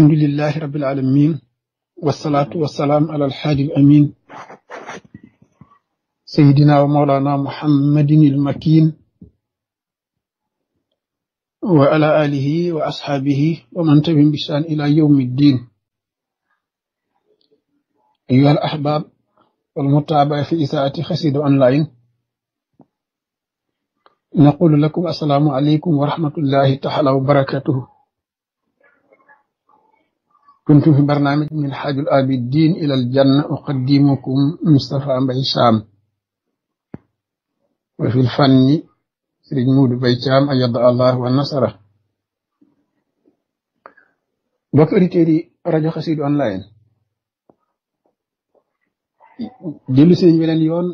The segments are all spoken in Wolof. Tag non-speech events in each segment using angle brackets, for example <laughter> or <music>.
الحمد لله رب العالمين والصلاة والسلام على الحاج الأمين سيدنا ومولانا محمد المكين وعلى آله وأصحابه ومن تبهم بشان إلى يوم الدين أيها الأحباب والمتابعة في إساءة خسيد أونلاين نقول لكم السلام عليكم ورحمة الله تعالى وبركاته كنت في برنامج من حاج الآبدين إلى الجنة أقدمكم مصطفى مبي سام وفي الفن سيد مود بيتام أيد الله ونصره mbokk auditeurs yi rajo xasidu online dellu seen beneen yoon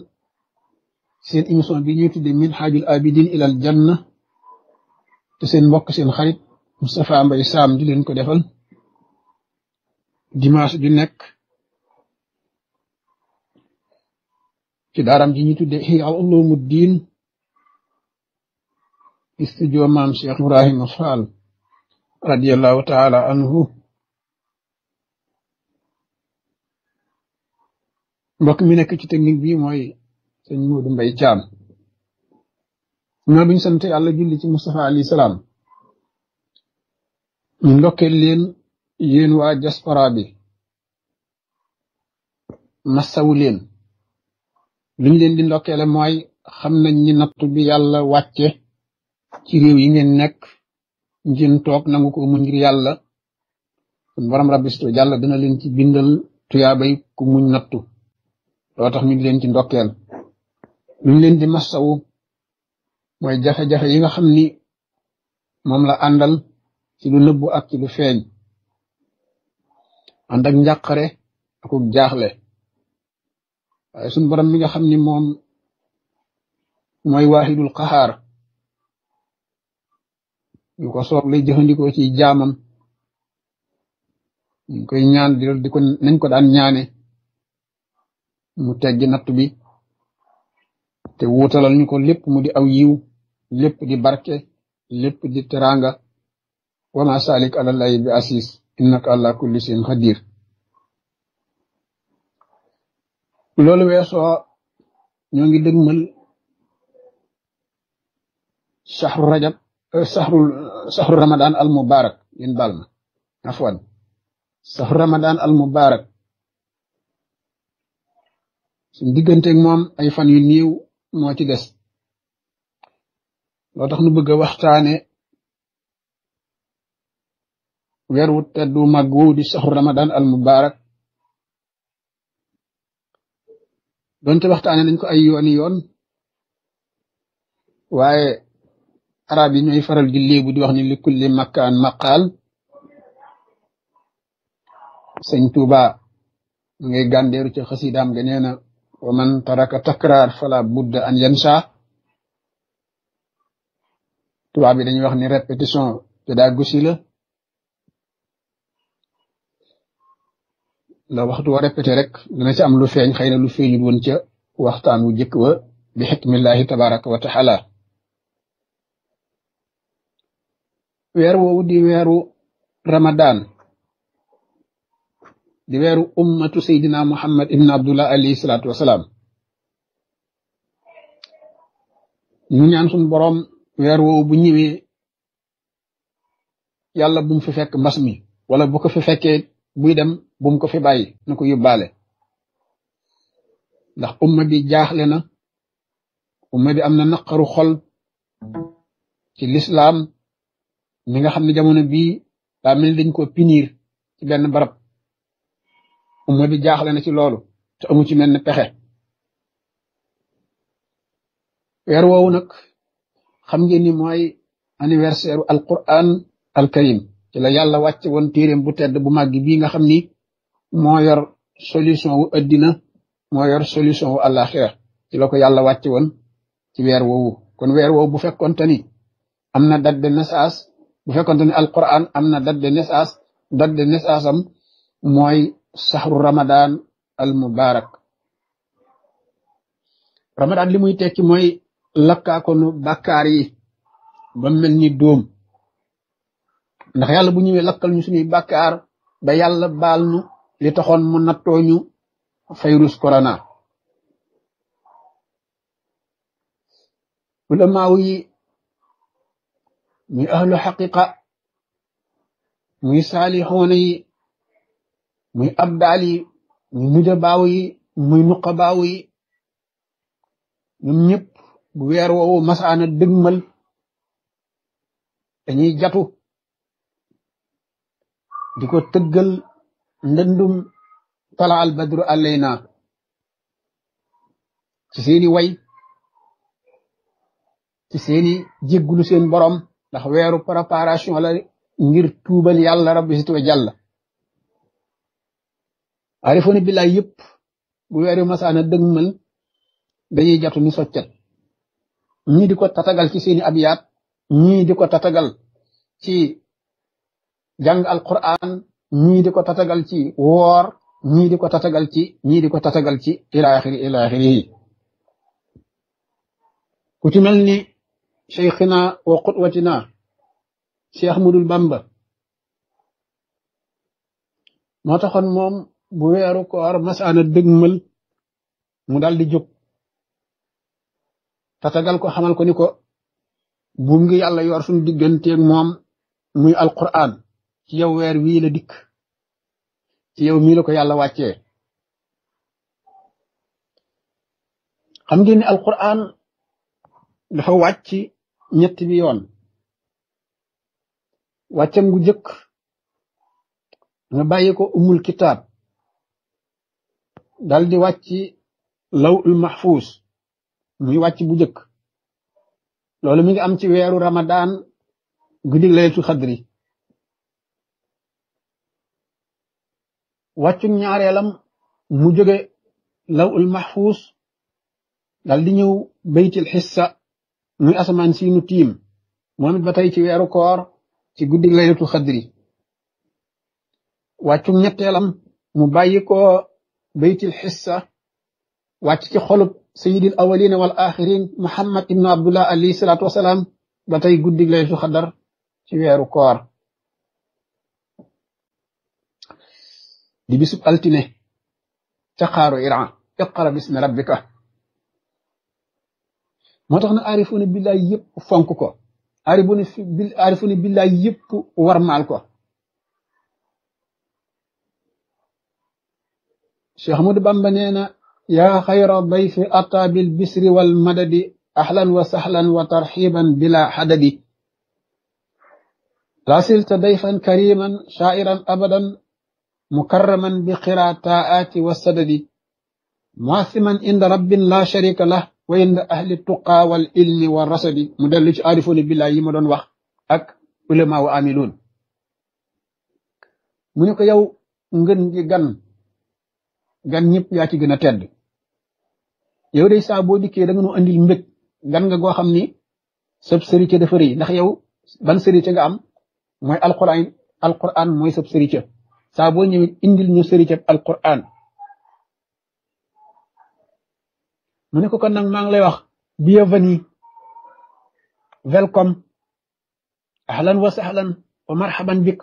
seen émission bi ñuy tudde min xaajul abidin ilal janna te seen mbokk seen xarit Moustapha Mbaye Sam di leen ko defal dimanche ju nek ci daram ji ñu tuddé hey hiya ulumuddin istijo mam cheikh ibrahim fall radiyallahu ta'ala anhu mbokk mi nek ci technique bi moy señ Modou mbay Thiam ñoo biñ sante yalla julli ci mustafa ali salaam ñu ndokkeel leen yéen waa diaspora bi massawu leen luñ leen di ndokkeele mooy xam nañ ni nattu bi yàlla wàcce ci réew yi ngeen nekk ngeen toog nangu ko muñ ngir yàlla kon borom rabbisto yàlla dina leen ci bindal tuyaabay ku muñ nattu loo tax ñu leen ci ndokkeel luñ leen di massawu mooy jafe-jafe yi nga xam ni moom la àndal ci lu nëbbu ak ci lu feeñ ànd ak njàqare akuk jaaxle waaye suñu borom mi nga xam ni moom mooy waahidul qahaar ñu ko soob lay jëfandikoo ci jaamam ñu koy ñaan di ko nañ ko daan ñaane mu teggi natt bi te wuutalal ñu ko lépp mu di aw lépp di barke lépp di teranga wama salik alallahi bi asis innaka ala kulli shay'in qadir lolu weso ñu ngi deggmal shahru rajab euh, shahrul shahru ramadan al mubarak In baal afwan shahru ramadan al mubarak suñ ak mom ay fan yu néew mo ci dess lo tax nu bëgg waxtane wer wu teddu maggu di sahur ramadan al mubarak donte waxtaane nañ ko ay yooni yoon waaye arab yi ñooy faral di léebu di wax ni li kulli makkaan maqaal sëñ tuuba mu ngay gàndeeru ci xasidaam ga nee wa man taraka takraar fala budda an yansa bi dañuy wax ni répétition te daa gusi la la waxtu wa répété rek dana ci am lu feeñ xëy na lu feeñul woon ca waxtaan wu jëkk wa bi xikmillahi tabaraka wa taala weer woowu di weeru ramadan di weeru ummatu sayidina muhammad ibn abdullah alayhi salatu wasalaam ñu ñaan sun borom weer woowu bu ñëwee yàlla bu mu fi fekk mbas mi wala bu ko fi fekkee buy dem bu mu ko fi bàyyi na ko yóbbaale ndax umma bi jaaxle umma bi am naqaru xol ci lislaam mi nga xam jamono bii daa mel dañ koo pinir ci benn barab umma bi jaaxle na ci loolu te amu ci mel ne pexe weer woowu nag xam ngeen ni mooy anniversaire alquran alkarim ci la yàlla wàcce woon téeréem bu tedd bu màgg bii nga xam moo yor solution wu addina moo yor solution wu àllaaxira ci la yàlla wàcce woon ci weer woowu kon weer woowu bu fekkonte ni am na date de bu fekkonte ni alquran am na date de naissance date de naissance am mooy saxru ramadan al mubarak ramadan li muy tekki mooy lakkaakonu bàkkaar yi ba mel ni dóom ndax yàlla bu ñëwee lakkal ñu suñuy bàkkaar ba yàlla baal nu li taxoon mu nattooñu virus corona ulamaaw yi muy ahlu xaqiqa muy saalixoona yi muy abdaal yi muy nujabaaw yi muy nuqabaaw yi ñoom ñëpp bu weer woowu masaana dëgmal dañuy jatu di ko tëggal ndëndum tala badru alayna ci seeni way ci seeni jéggulu seen borom ndax weeru préparation la ngir tuubal yàlla rabbi situ jàlla arifooni billaay yëpp bu weeru masaana dëgmal dañuy jatu ni soccet ñii di ko tatagal ci seeni abiyaat ñii di tatagal ci jàng alquran ñii di ko tatagal ci woor ñii di ko tatagal ci ñii di ko tatagal ci ilaaxiri ilaaxiri yi ku ci mel ni cheikhina wa qudwatina cheikh ahmadul bamba moo taxoon moom bu weeru koor masaana dëgmal mu dal di jóg tatagal ko xamal ko ni ko buum ngi yàlla yor suñu digganteeg moom muy alquran ci yow weer wii dikk ci yow mii la ko yàlla wàcce xam ngeen ni alquran dafa wàcc ñetti bi yoon wàccam gu njëkk nga bàyyi ko umul kitaab dal di wàcc law ul mahfuus muy wàcc gu njëkk loolu mi ngi am ci weeru ramadaan guddi laylatul xadri wàccu ñaarelam mu jóge lawul ul dal di ñëw baytil hissa muy asman si nu tim momit batay ci wéru koor ci guddi laylatu khadri wàccu ñettelam mu bayiko ko baytil xissa wàcc ci xolub sayyidil awwalin wal akhirin muhammad ibn abdullah alayhi salaatu wasalaam ba tey guddi laylatu khadar ci wéru koor di bisub altine ca xaaru iran iqra bismi rabbika moo tax na aarifuna billaay yëpp fonk ko aarifuna bi aarifuna billaay yëpp warmaal ko cheikh ahmadou bamba nee na yaa xayra dayfi ata bil bisri wal madadi ahlan wa sahlan wa tarxiban bila xadadi lasilta dayfan kariman shairan abadan مكرما بقراءة آت والسدد مواثما عند رب لا شريك له وعند أهل التقى والإلم والرصد مدلج عارفون بالله يمدون وخ أك علماء وآملون منك يو نغن جي غن غن نيب ياتي غن تد يو دي سابو دي كي دنغنو اندي المك غن غا غو خمني سب سريكي دفري نخ يو بان سريكي غام موي القرآن القرآن موي سب سريكي saa boo ñëwee indil ñu sëri ca alquran mu ne ko kon nag maa ngi lay wax bienvenue welcome ahlan wa sahlan wa marhaban bik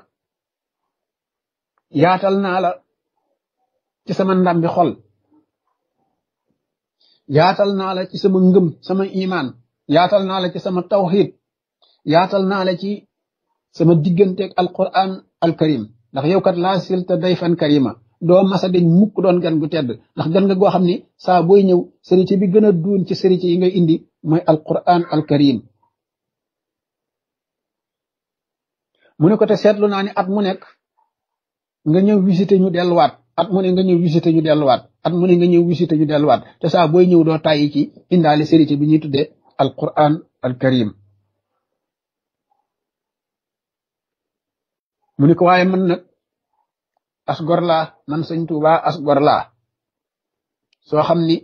yaatal naa la ci sama ndam bi xol yaatal naa la ci sama ngëm sama iman yaatal naa la ci sama tawhid yaatal naa la ci sama digganteeg alquran alkarim ndax yow kat la sil te karima doa masa deñ mukk doon gan gu tedd ndax gan nga go xamni ni boy ñew ñëw bi gëna duun ci sërite yi nga indi moy alquran alkarim mu ne ko te setlu naa ni at mu nek nga ñew visiter ñu wat at mu ne nga ñew visiter ñu wat at mu ne nga ñew visiter ñu wat te sa boy ñew do tayi ci indaale bi ñi tuddé alquran alkarim mu ni ko waaye man nag as la man sëñ Tuubaa as gor laa soo xam ni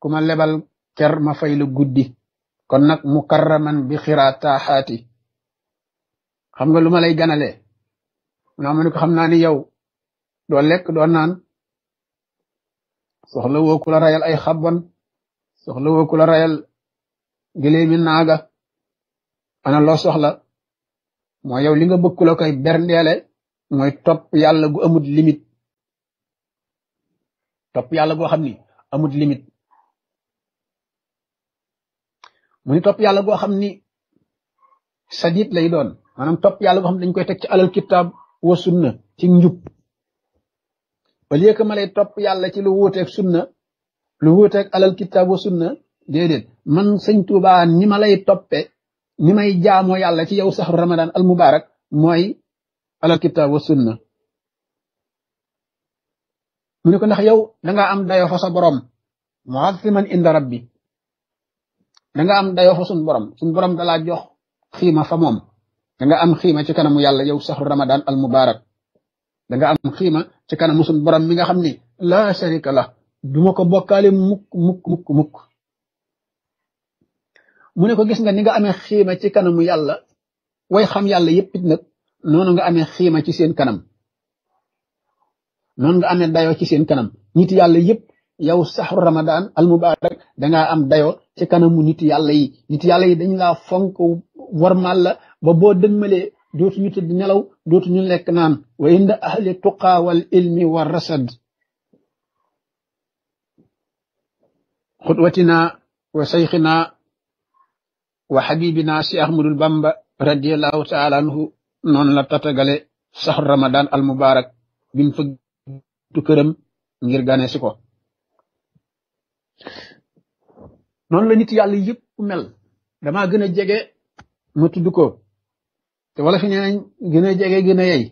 ku ma lebal ker ma fay la guddi kon nag mukarraman bi xiraataaxaati xam nga lu ma lay ganalee naa mu xam naa ni yow doo lekk doo soxla woo ku la rayal ay xabban soxla woo ku la rayal gëlee ana loo soxla mooy yow li nga bëgg ku la koy berndeele mooy topp yàlla gu amut limite topp yàlla goo xam ni amut limite mu ni topp yàlla goo xam ni sadit lay doon maanaam topp yàlla goo xam ne dañ koy teg ci alal kitaab wa sunna ci njub au lieu ma lay topp yàlla ci lu wuuteeg sunna lu wuuteeg alal kitaab wa sunna déedéet man sëñ Tuubaa ni ma lay toppe ni may jaamo yalla ci yow sahru ramadan al mubarak moy al kitab wa sunna mu ne ko ndax yow da nga am dayo fa sa borom muaziman inda rabbi da nga am dayo fa sun borom sun borom da la jox xima fa mom da nga am xima ci kanamu yalla yow sahru ramadan al mubarak da nga am xima ci kanamu sun borom mi nga xamni la sharika la duma ko bokale muk muk muk. muk mu ne ko gis nga ni nga amee xiima ci kanamu yàlla way xam yàlla yëpp it nag noonu nga amee xiima ci seen kanam noonu nga amee dayoo ci seen kanam nit yàlla yëpp yow saxru ramadan al mubarak dangaa am dayoo ci kanamu nit yàlla yi nit yàlla yi dañ laa fonk warmal la ba boo dëgmalee dootuñu tëdd nelaw dootuñu lekk naan wa inda ahli tuqaa wal ilmi wa rasad xutwatina wa sayxina wa xabibina mu dul bamba radiallahu taala anhu noonu la tatagale saxu ramadan al mubarak bim fa du këram ngir gane si ko noonu la nit yàlla yëpp mel damaa gën a jege mu tudd ko te wala fi nee nañ gën a jege gën a yey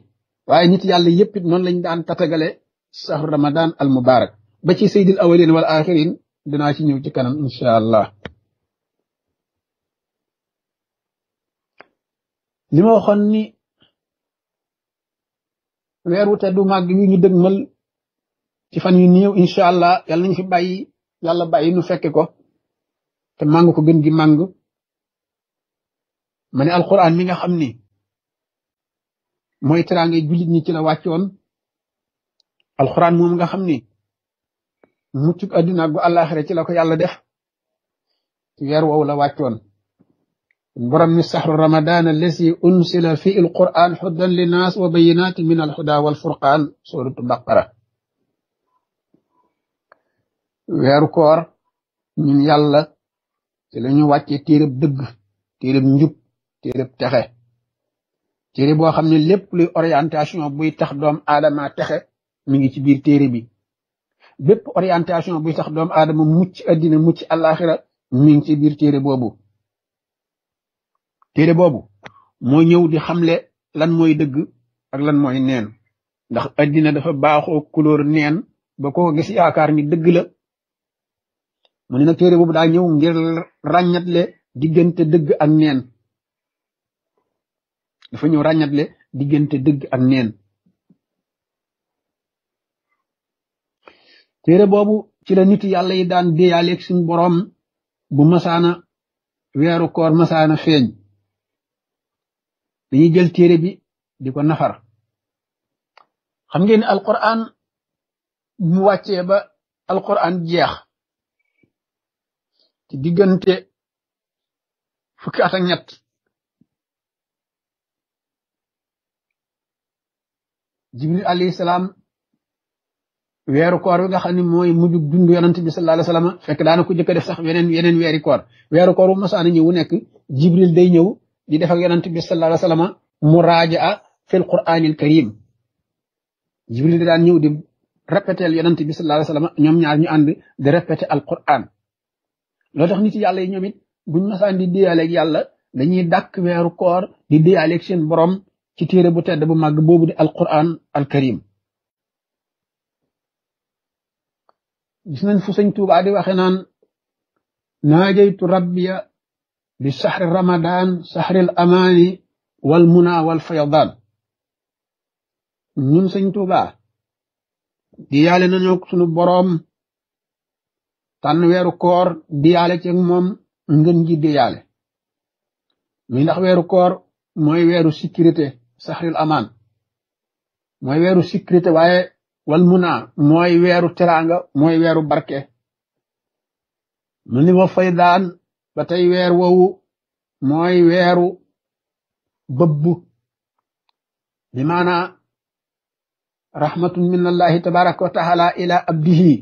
waaye nit yàlla yëpp it noonu lañ daan tatagale saxu ramadan al mubarak ba ci saydil awalin wala axirin dinaa ci ñëw ci kanam incha allah li ma weer wu teddu màgg wi ñu dëgmal ci fan yu néew incha allah yàlla nañu fi bàyyi yàlla bàyyi nu fekke ko te màng ko gën gi màng ma ne alquran mi nga xam ni mooy teraange jullit ñi ci la wàccoon alquran moom nga xam ni muccug adduna gu àllaaxira ci la ko yàlla def ci weer woowu la wàccoon borom ni saxru ramadan allasi unsila fi il quran xuddan linnaas wa bayinaati min alxuda walfurqaan suratu baqara weeru koor ñun yàlla ci la ñu wàccee téereb dëgg téereb njub téereb texe téere boo xam ne lépp luy orientation buy tax doom aadama texe mi ngi ci biir téere bi bépp orientation buy tax doom aadama mucc addina mucc àllaaxira mi ngi ci biir téere boobu téere boobu moo ñëw di xamle lan mooy dëgg ak lan mooy neen ndax addina dafa baaxoo couleur neen ba koo gis yaakaar ni dëgg la mu ne nag téere boobu daa ñëw ngir ràññatle diggante dëgg ak neen dafa ñëw ràññatle diggante dëgg ak neen téere boobu ci la nit yàlla yi daan déyaaleeg suñ boroom bu masaana weeru kor masaana feeñ dañuy jël téere bi di ko nafar xam ngeen ne alquran mu wàccee ba alquran jeex ci diggante fukki at ak ñett jibril alayhi salaam weeru koor bi nga xam ne mooy mujjug dund yonent bi fekk daana ko jëkk def sax yeneen yeneen weeri koor weeru koor bu nekk jibril day ñëw di def ak yonent bi sallallahu alayhi wasallam murajaa fil qur'anil karim jibril daan ñëw di répéter yonent bi sallallahu alayhi wasallam ñoom ñaar ñu ànd di répéter alquran loo tax nit yàlla yi ñoom it buñ masaan di diyaaleeg yàlla dañuy dàkk weeru koor di diyaaleeg seen borom ci téere bu tedd bu màgg boobu di alquran alkarim gis nañ fu sëñ tuubaa di waxe naan naajaytu rabbiya li saxri ramadan saxril amaani wal muna wal faydaan ñun sëñ Tuuba di yaale sunu boroom tànn weeru koor di yaale moom ngën ji di yaale mi ndax weeru koor mooy weeru sécurité saxril amaan mooy weeru sécurité waaye wal muna mooy weeru teraanga mooy weeru barke mu ni wa faydaan ba tey weer woowu mooy weeru bëbbu bi maanaa rahmatun min allahi tabaraka wa taala ila abdihi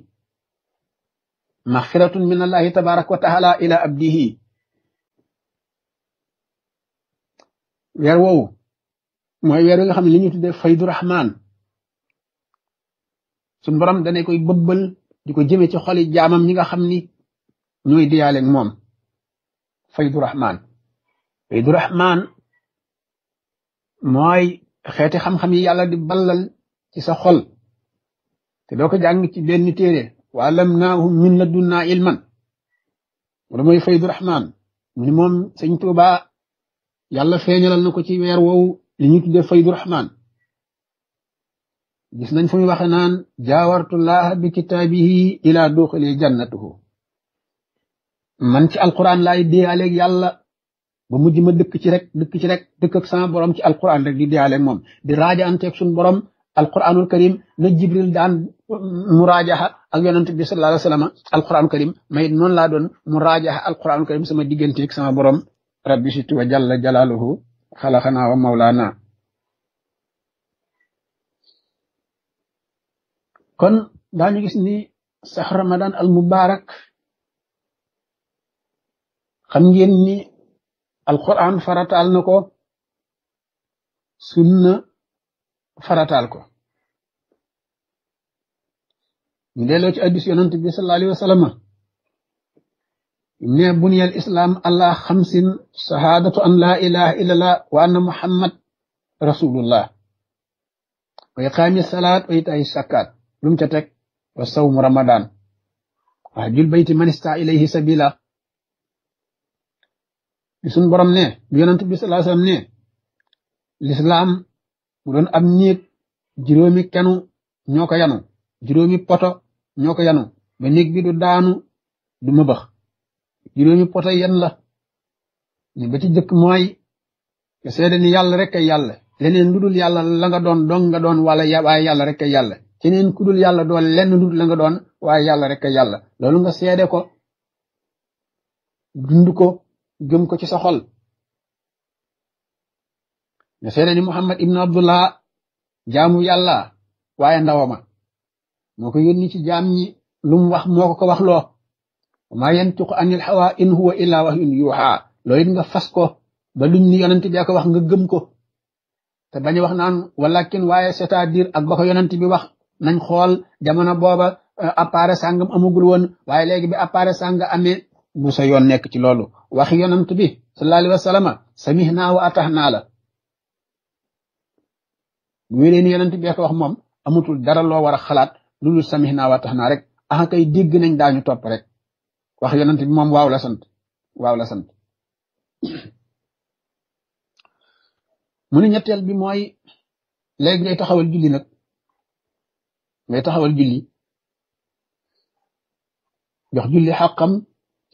maxfiratun min allahi tabaraka wa taala ila abdihi weer woowu mooy weer wi nga xam ne li ñu tuddee faydu rahman suñ borom danay koy bëbbal di ko jëme ci xoli jaamam ñi nga xam ni ñooy diyaaleeg moom فيض رحمان فيض رحmaan mooy xeeti xam-xam yi yàlla di ballal ci sa xol te doo ko jàng ci benn téere wa allamnaahu min ladunnaa ilman wala mooy faydu rahmaan mu ni moom sëñ Tuuba yàlla feeñalal na ko ci weer woowu li ñu tuddee faydu rahmaan gis nañ fu ñu waxe naan jaawartu laaha bi kitaabihi ilaa duxili jannatuhu man ci alquran laay déyaaleeg yàlla ba mujj ma dëkk ci rek dëkk ci rek dëkk ak sama borom ci alquran rek di déyaaleeg moom di raaja anteeg suñu borom alquranul karim na jibril daan muraajaxa ak yonent bi sallallahu alayhi wa sallam alquranul karim may noonu laa doon muraajaxa alquranul karim sama digganteeg sama borom rabbi situ wa jalla jalaaluhu xalaxanaa wa mawlaana kon daañu gis ni sax ramadan al mubarak xam ngeen ni alquran farataal na ko sunna farataal ko ñu delloo ci addis yonante bi sallallahu alayhi wa sallam ne buniyal islam allah xamsin shahadatu an la ilaha illallah wa anna muhammad rasulullah wa iqami salat wa itai zakat lum ca teg wa sawmu ramadan wa hajjul bayti man ista ilayhi sabila bi suñ borom ne bi yonent bi sallallahu alayhi wasallam ne mu doon am néeg juróomi kenu ñoo ko yanu juróomi poto ñoo ko yanu ba néeg bi du daanu du mëbax juróomi poto yan la ñu ba ci jëkk mooy nga seede ni yàlla rek ay yàlla leneen lu dul yàlla la nga doon dong nga doon wala waaye yàlla rek ay yàlla keneen yàlla doon lenn lu doon waaye yàlla rek ay loolu nga seede ko dund gëm ko ci sa xol ni muhammad ibn abdullah jaamu yalla waaye ndawama moo ko yónni ci jaam ñi lu mu wax moo ko wax ma yantuq anil hawa in huwa illa wahyun yuha loolu it nga fas ko ba luñ ni yonent bi ko wax nga gëm ko te bañ wax naan walakin waaye c'est-à-dire ak ba ko yonent bi wax nañ xool jamono booba euh, sangam amagul woon waaye léegi bi appareil sàng amee bu sa yoon nekk ci loolu wax yonent bi sallallahu alayhi wa sallam naa wa atax naa la bu wéree ni bi ko wax moom amutul dara loo war a xalaat loolu samih naa wa atax naa rek ah kay dégg nañ daañu topp rek wax yonent bi moom waaw la sant waaw la sant mu ne ñetteel bi mooy léegi ngay taxawal julli nag ngay taxawal julli jox julli xàqam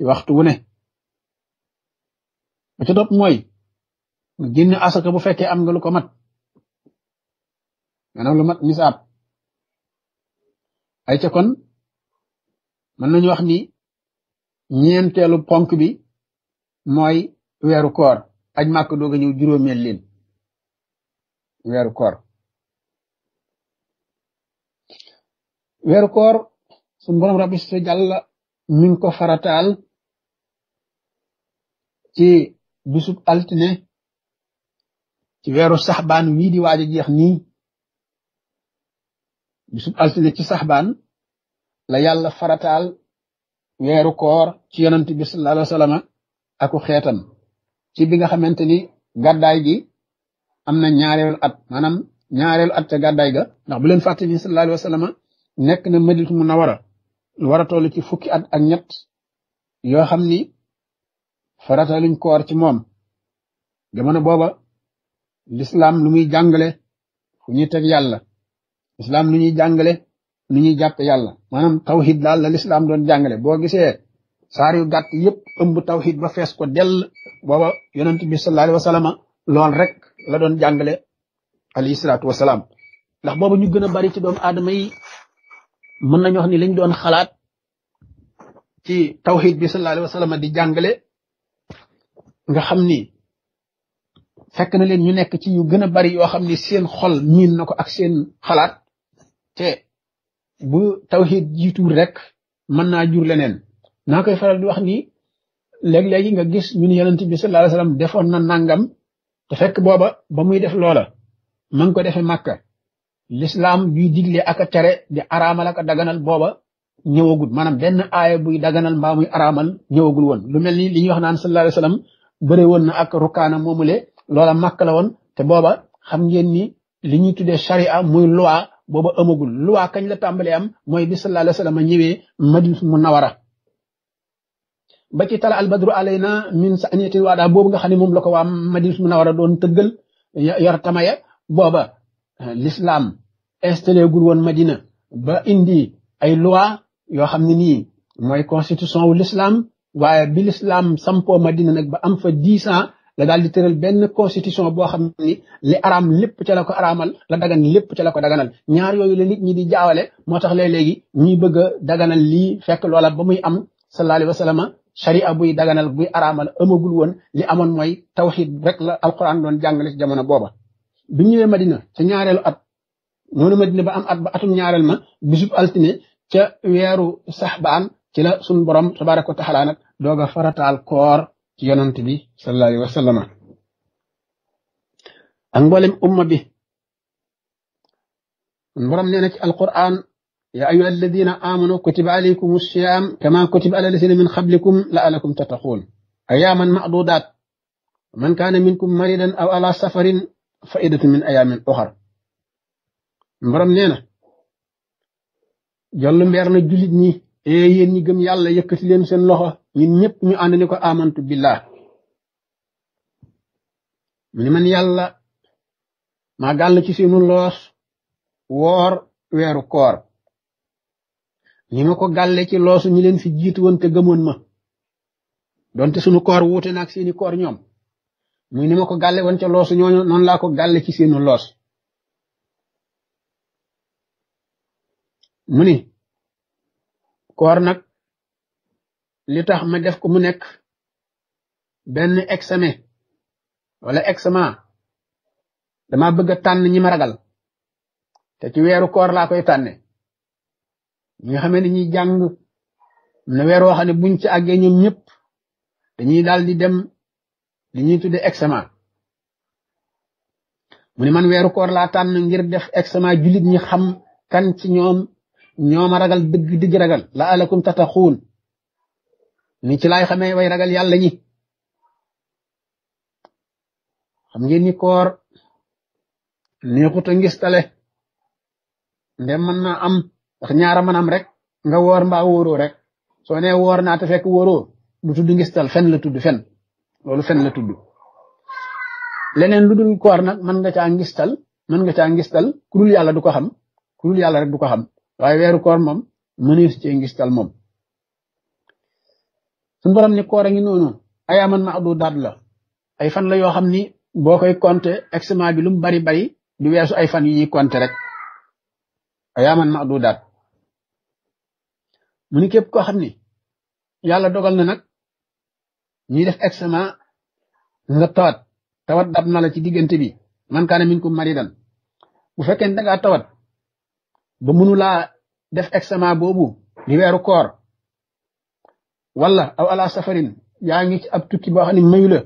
ci waxtu wu ne ba ca dopp mooy nga génn asaka bu fekkee am nga lu ko mat maanaam lu mat misaab ay ca kon mën nañu wax ni ñeenteelu ponk bi mooy weeru koor aj màkk doog a ñëw juróomeel leen weeru koor weeru koor sun borom rabbi sa jàlla mi ko farataal ci bisub altine ci weeru saxbaan wii di waaj a jeex nii bisub altine ci saxbaan la yàlla farataal weeru koor ci yonent bi sallallahu alayhi aku xeetam ci bi nga xamante ni gàddaay gi am na ñaareelu at maanaam ñaareelu at ca gàddaay ga ndax bu leen fàtte ni sallallahu nekk na Madinatu Munawwara lu war a ci fukki at ak ñett yoo xam ni farata luñ koor ci moom jamono booba lislaam lu muy jàngale fu ñuy teg yàlla lislaam lu ñuy jàngale lu ñuy jàppe yàlla maanaam tawxid daal la lislaam doon jàngale boo gisee saar yu gàtt yëpp ëmb tawxid ba fees ko dell booba yonent bi sallallahu alayhi wa sallam lool rek la doon jàngale alayhi salaatu wasalaam ndax booba ñu gën a bari ci doomu aadama yi mën nañu wax ni liñ doon xalaat ci tawxid bi sallallahu alayhi wa sallam di jàngale nga xam ni fekk na leen ñu nekk ci yu gën a bari yoo xam ni seen xol miin na ko ak seen xalaat te bu tawhid jiitu rek mën naa jur leneen naa koy faral di wax ni léeg-léegi nga gis ñu ni yonent bi sallallahu defoon na nangam te fekk booba ba muy def loola ma ngi ko defee màkka l'islam buy digle ak a tere di araamal ak a daganal booba ñëwagul maanaam benn aaya buy daganal mbaa muy araamal ñëwagul woon lu mel ni li wax naan sallallahu bëre woon na ak rukaana moomule loola màkk la woon te booba xam ngeen ni li ñuy tuddee charia muy loi booba amagul loi kañ la tàmbalee am mooy bi sallallahu alayhi wa sallam ñëwee madinatu munawara ba tala albadru alayna min saniyatil waada boobu nga xam ne moom la ko waa madinatu munawara doon tëggal yor tamaya booba eh, l'islam installé gul woon madina ba indi ay loi yoo xam ne nii mooy constitution l'islam waye bi l'islam sampo madina nak ba am fa 10 ans la dal di tëral ben constitution bo xamni li aram lépp ci la ko araamal la dagan lépp ci la ko daganal ñaar yoyu la nit ñi di jaawale motax lay legi ñi bëgg daganal li fekk lola ba muy am sallallahu alayhi wasallam sharia buy daganal buy aramal amagul won li amon moy tawhid rek la alquran don jangal ci jamono boba bi ñewé madina ci ñaarel at nonu madina ba am at ba atum ñaarel ma bisub altine ca wéru saxbaan ci la sun borom tabaraka wa taala nag dooga farataal koor ci yonant bi sallallahu alayhi wa sallam ak mboolem umma bi borom nee na ci alquran يا أيها الذين آمنوا كتب عليكم الصيام كما كتب على الذين من قبلكم لعلكم تتقون أياما معدودات من كان منكم مريضا أو على سفر فائدة من أيام أخرى برم نينا جلو مبيرنا جلد ني e yéen ñi gëm yàlla yëkkati leen seen loxo ñun ñëpp ñu ànd ko amantu billah mu ni man yàlla maa gàll ci seenu loos woor weeru koor ni ko gàlle ci loosu ñi leen fi jiitu woon te gëmoon ma donte sunu koor wuute naag seeni koor ñoom muy ni ko gàlle woon ca loosu ñooñu noonu laa ko gàlle ci seenu loos mu koor nag li tax ma def ko mu nekk benn exame wala exama dama bëgg a tànn ñi ma ragal te ci weeru koor laa koy tànne ñi nga xamee ne ñuy jàng na weer woo xam ne buñ ci àggee ñoom ñëpp dañuy daal di dem li ñuy tudde exama mu ne man weeru koor laa tànn ngir def exama julit ñi xam kan ci ñoom ñoma ragal deug deug ragal la alakum tatakhun ni ci lay xamee way ragal yalla ñi xam ngeen ni koor neexut ngistale man na am wax ñaara man am rek nga wor mba woro rek so ne wor na ta fek woro du tudd ngistal fen la tuddu fen lolu fen la tuddu leneen lu dul koor nak man nga caa ngistal man nga ca ngistal du ko xam kulul yalla rek du ko xam waaye weeru koor moom mënees cee ngistal moom sun borom ni koor a ngi noonu ayaaman maadu daat la ay fan la yoo xam ni boo koy bi lu mu bari bari du weesu ay fan yu ñuy compter rek ay aman daat mu ni képp koo xam ni yàlla dogal na nag ñuy def exement nga tawat tawat dab na la ci diggante bi man kaane minkum ko maridan bu fekkee da ngaa tawat ba def examen boobu di weeru koor wala aw ala safarin yaa ngi ci ab tukki boo xam ne mayu la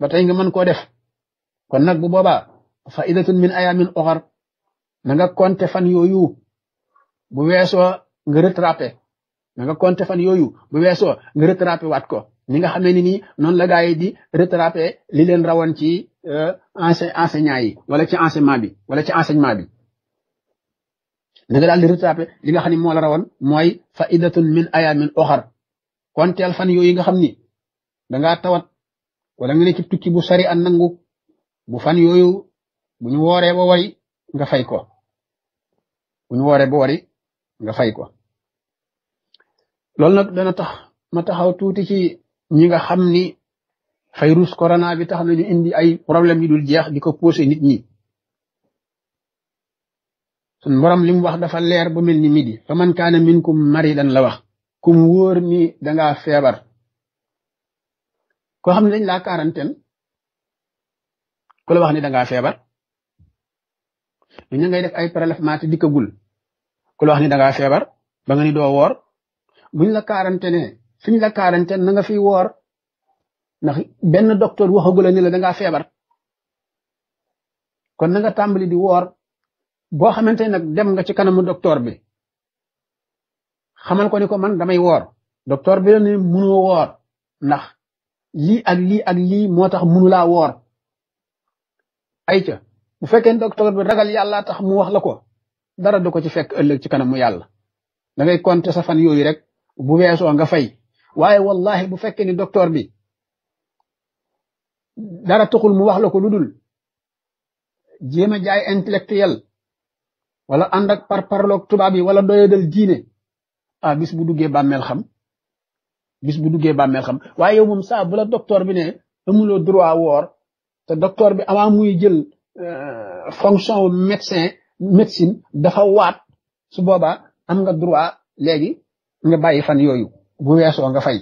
ba nga mën koo def kon nag bu boobaa faidatun min ayamin oxar na nga konte fan yooyu bu weesoo nga retrapé na nga konte fan yooyu bu weesoo nga retrapé waat ko ni nga xamee ni nii noonu la gaa yi di retrapé li leen rawoon ci euh, enseignant yi wala ci enseignement bi wala ci enseignement bi da nga daal di rattrapé li nga xam ne moo la rawoon mooy faidatun min ayamin oxar konteel fan yooyu nga xam ni dangaa tawat wala nga ne ci tukki bu sari an nangu bu fan yooyu bu ñu wooree ba wari nga fay ko bu woore wooree wari nga fay ko loolu nag dana tax ma taxaw tuuti ci ñi nga xam ni virus corona bi tax nañu indi ay problème yi dul jeex di ko posé nit ñi sun borom li mu wax dafa leer ba mel ni midi fa man kaana minkum maridan la wax kum wóor ni dangaa feebar koo xam ne dañ laa quarantaine la wax ni dangaa feebar ñu ngay def ay prélèvement te dikkagul ku la wax ni danga feebar ba nga ni doo woor buñ la quarantaine suñ la quarantaine na nga fiy woor ndax benn docteur waxagula ni la dangaa feebar kon na nga tàmbali woor boo xamante nag dem nga ci kanamu docteur bi xamal ko ni ko man damay woor docteur bi la ne mënoo woor ndax lii ak lii ak lii moo tax mënulaa woor ayca bu fekkee docteur bi ragal yàlla tax mu wax la ko dara du ko ci fekk ëllëg ci kanamu yàlla da ngay te sa fan yooyu rek bu weesoo nga fay waaye wallahi bu fekkee ni docteur bi dara taxul mu wax la ko lu dul jéem a jaay intellectuel wala ànd ak parparloog bi yi wala del diine ah bis bu duggé bàmmeel xam bis bu duggé bàmmeel xam waye yow mom sa bu la docteur bi ne amuloo droit wor te docteur bi avant muy jël euh, fonction médecin médecine dafa wat su boba am nga droit légui nga bayyi fan yoyu bu wesso nga fay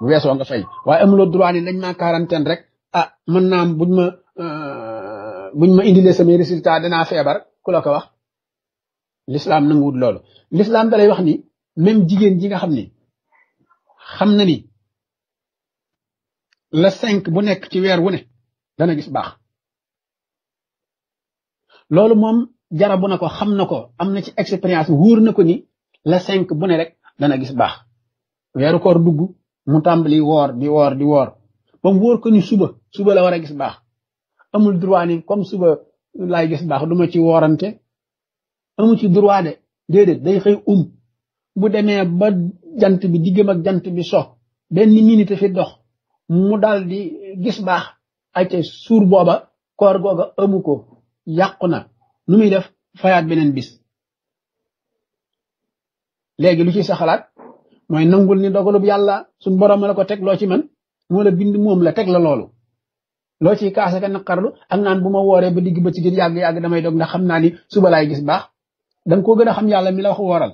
bu wesso nga fay waaye amuloo droit ni dañ quarantaine rek ah mën buñ ma euh, bu ñu ma indilee samay résultat danaa feebar ku la ko wax l'islam nanguwut loolu l'islam dalay wax ni même jigéen ji nga xam ni xam na ni la cinq bu nekk ci weer wu ne dana gis baax loolu moom jarabu na ko xam na ko am na ci expérience wóor na ko ni la cinq bu ne rek dana gis baax weeru koor dugg mu tàmbali woor di woor di woor ba mu wóor ko ni suba suba la war a gis baax amul droit ni comme suba laay gis baax du ma ci worante amul ci droit de déedéet day xëy um bu demee ba jant bi diggam ak jant bi so benn minute fi dox mu dal di gis baax ay ca suur booba koor googa amu ko yàqu na nu muy def fayaat beneen bis léegi lu ci sa xalaat mooy nangul ni dogalub yàlla suñ borom la ko teg loo ci man moo la bind moom la teg la loolu lo ci kaasa ka angan ak naan bu ma wooree ba digg ba ci gën yàgg yàgg damay dog ndax xam naa ni suba laay gis baax da nga gën a xam yàlla mi la wax wooral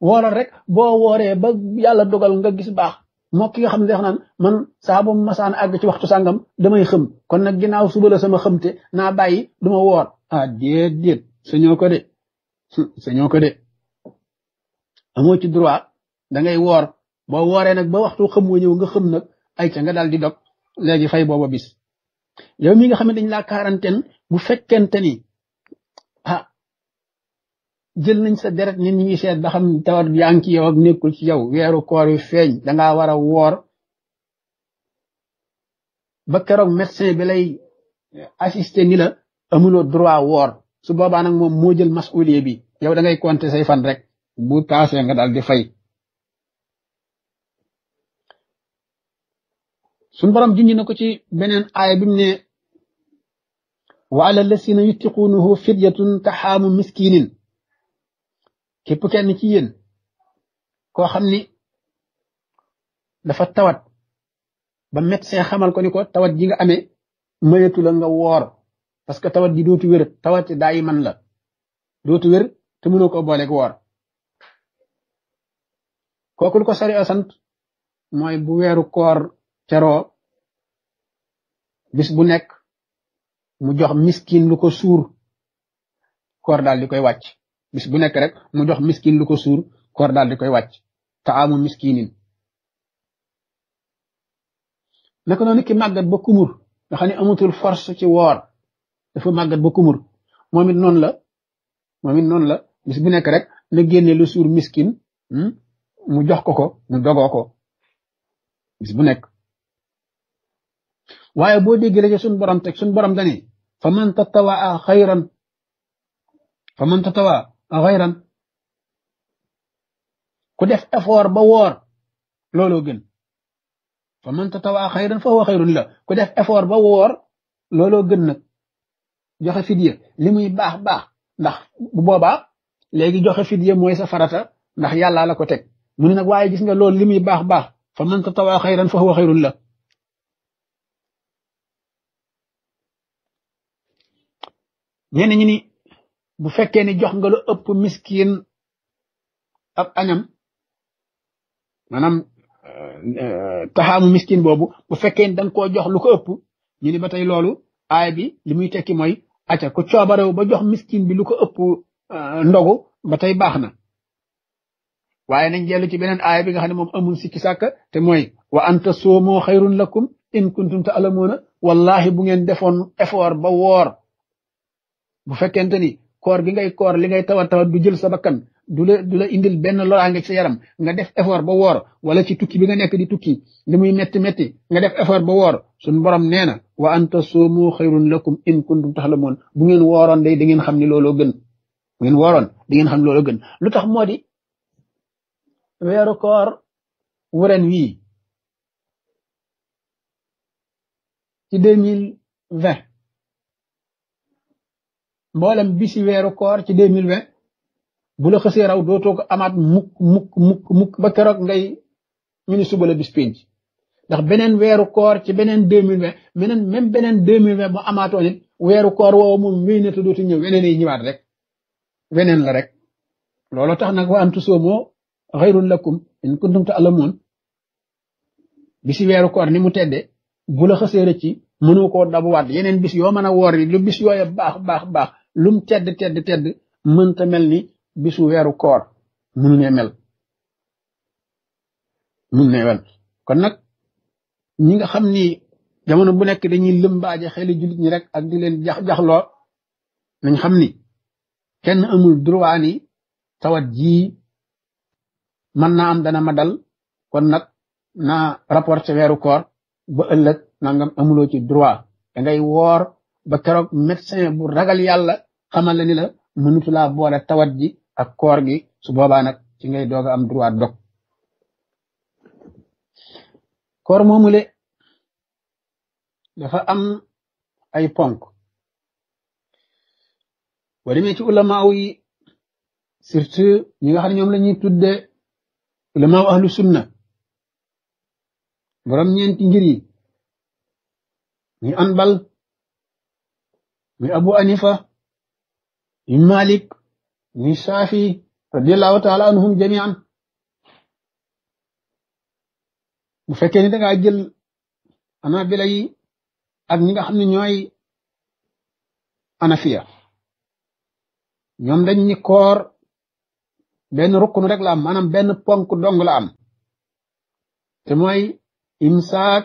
wooral rek boo wooree ba yàlla dogal nga gis baax moo ki nga xam ne naan man saa bu masaan àgg ci waxtu sàngam damay xëm kon nag ginnaaw suba la sama xëmte naa bàyyi du ma woor ah déet déet sañoo ko de sañoo ko de amoo ci droit da ngay woor boo wooree nag ba waxtu xëm wa ñëw nga xëm nag ay ca nga daal di dog léegi fay booba bis yow mi nga xam ne dañ laa quarantaine bu fekkente ni ah jël nañ sa deret ni ñi ngi seet ba xam tawat yaa ngi ci yow ci yow weeru koor yu feeñ dangaa war a woor ba keroog médecin bi lay assisté ni la amuloo droit woor su boobaa nag moom moo jël masulier bi yow da ngay compter say fan rek bu paasee nga daal di fay suñu borom junj na ko ci beneen aaya bi mu ne wa ala lasina yutiquunahu fidyatun taxaamu miskinin képp kenn ci yéen koo xam ni dafa tawat ba médecin xamal ko ni ko tawat ji nga ame mayatu la nga woor parce que tawat ji dootu wér tawat daayi man la dootu wér te mënoo ko booleeg woor kooku lu ko sari sant mooy bu weeru koor teroo bis bu nekk mu jox miskin lu ko suur koor daal di koy wàcc bis bu nekk rek mu jox miskin lu ko suur koor daal di koy wàcc taamu miskinin naka noonu ki màggat ba kumur nga xam ne amatul force ci woor dafa màggat ba kumur moom it noonu la moom it noonu la bis bu nekk rek na génne lu suur miskin hmm, mu jox ko ko mu dogoo ko bis bu nekk waaye boo déggee la ca suñu borom teg suñu borom dane fa man tatawaa xayran fa man tatawaa xayran ku def effort ba woor looloo gën fa man tatawaa xayran fa huwa xayrun la ku def effort ba woor looloo gën nag joxe fidya li muy baax baax ndax bu boobaa léegi joxe fidya mooy sa farata ndax yàlla la ko teg mu ne nag waaye gis nga loolu li muy baax baax fa man tatawaa xayran fa huwa xayrun la ñenn ñi bu fekkee ni jox nga lu ëpp miskin ab añam maanaam euh, taxaamu miskin boobu bu fekkee ni da koo jox lu ko ëpp ñu ni ba tey loolu aay bi li muy tekki mooy acca ku coobarewu ba jox miskin bi lu ko ëpp euh, ndogu ba tey baax na waaye nañ jellu ci beneen aaya bi nga xam ne moom amul sikki sàkka te mooy wa anta soomoo xayrun lakum in kuntum ta'lamuuna wallahi bu ngeen defoon effort ba woor bu fekkente ni koor gi ngay koor li ngay tawa tawat du jël sa du la du la indil benn loraange ci sa yaram nga def effort ba woor wala ci tukki bi nga nekk di tukki li muy métti métti nga def effort ba woor suñ borom nee na wa an tasuumu xayrun lakum in kuntum taxlamoon bu ngeen wooroon day da xam ni looloo gën bu ngeen wooroon da ngeen xam ni looloo gën lu tax moo di weeru koor wuren wii ci deux mille vingt mboolem bisi wéru koor ci 2020 bu la xësee raw dootoo ko amaat mukk mukk mukk mukk ba keroog ngay ñu ni suba la bis penc ndax beneen weeru koor ci beneen 2020 beneen même beneen 2020 bu amaatoo nit weeru koor woowu moom wéy na te dootu ñëw weneen yi ñëwaat rek weneen la rek loolu tax nag wa antu soomoo xayrun lakum in kuntum ta'lamun bisi weeru koor ni mu tedde bu la xësee ci mënoo koo dabuwaat yeneen bis yoo mën a woor yi lu bis yooya baax baax baax lum tedd tedd tedd mënta mel ni bisu weeru koor munu ne mel munu ne mel kon nag ñi nga xam ni jamono bu nekk dañuy lëmbaaje xeli julit ñi rek ak di leen jax jaxloo nañ xam ni kenn amul droit ni tawat jii mën naa am dana ma dal kon nag naa rapporté weeru koor ba ëllëg nangam amuloo ci droit da ngay woor ba keroog médecin bu ragal yàlla xamal la ni la boole tawat ji ak koor gi su boobaa ci ngay doog am droit dog koor moomule dafa am ay ponk boo demee ci ulamaaw yi surtout ñi nga xam ne ñoom la ñuy tudde ulamaaw ahlu borom ñeenti ngir yi muy Anbal muy Abu Anifa مالك misafi, شافعي رضي الله تعالى عنهم جميعا bu fekkee ni da ngaa jël anabila yi ak ñi nga xam ne ñooy anafiya ñoom dañ ñi koor benn rukkunu rek la am maanaam benn ponk dong la am te mooy imsaak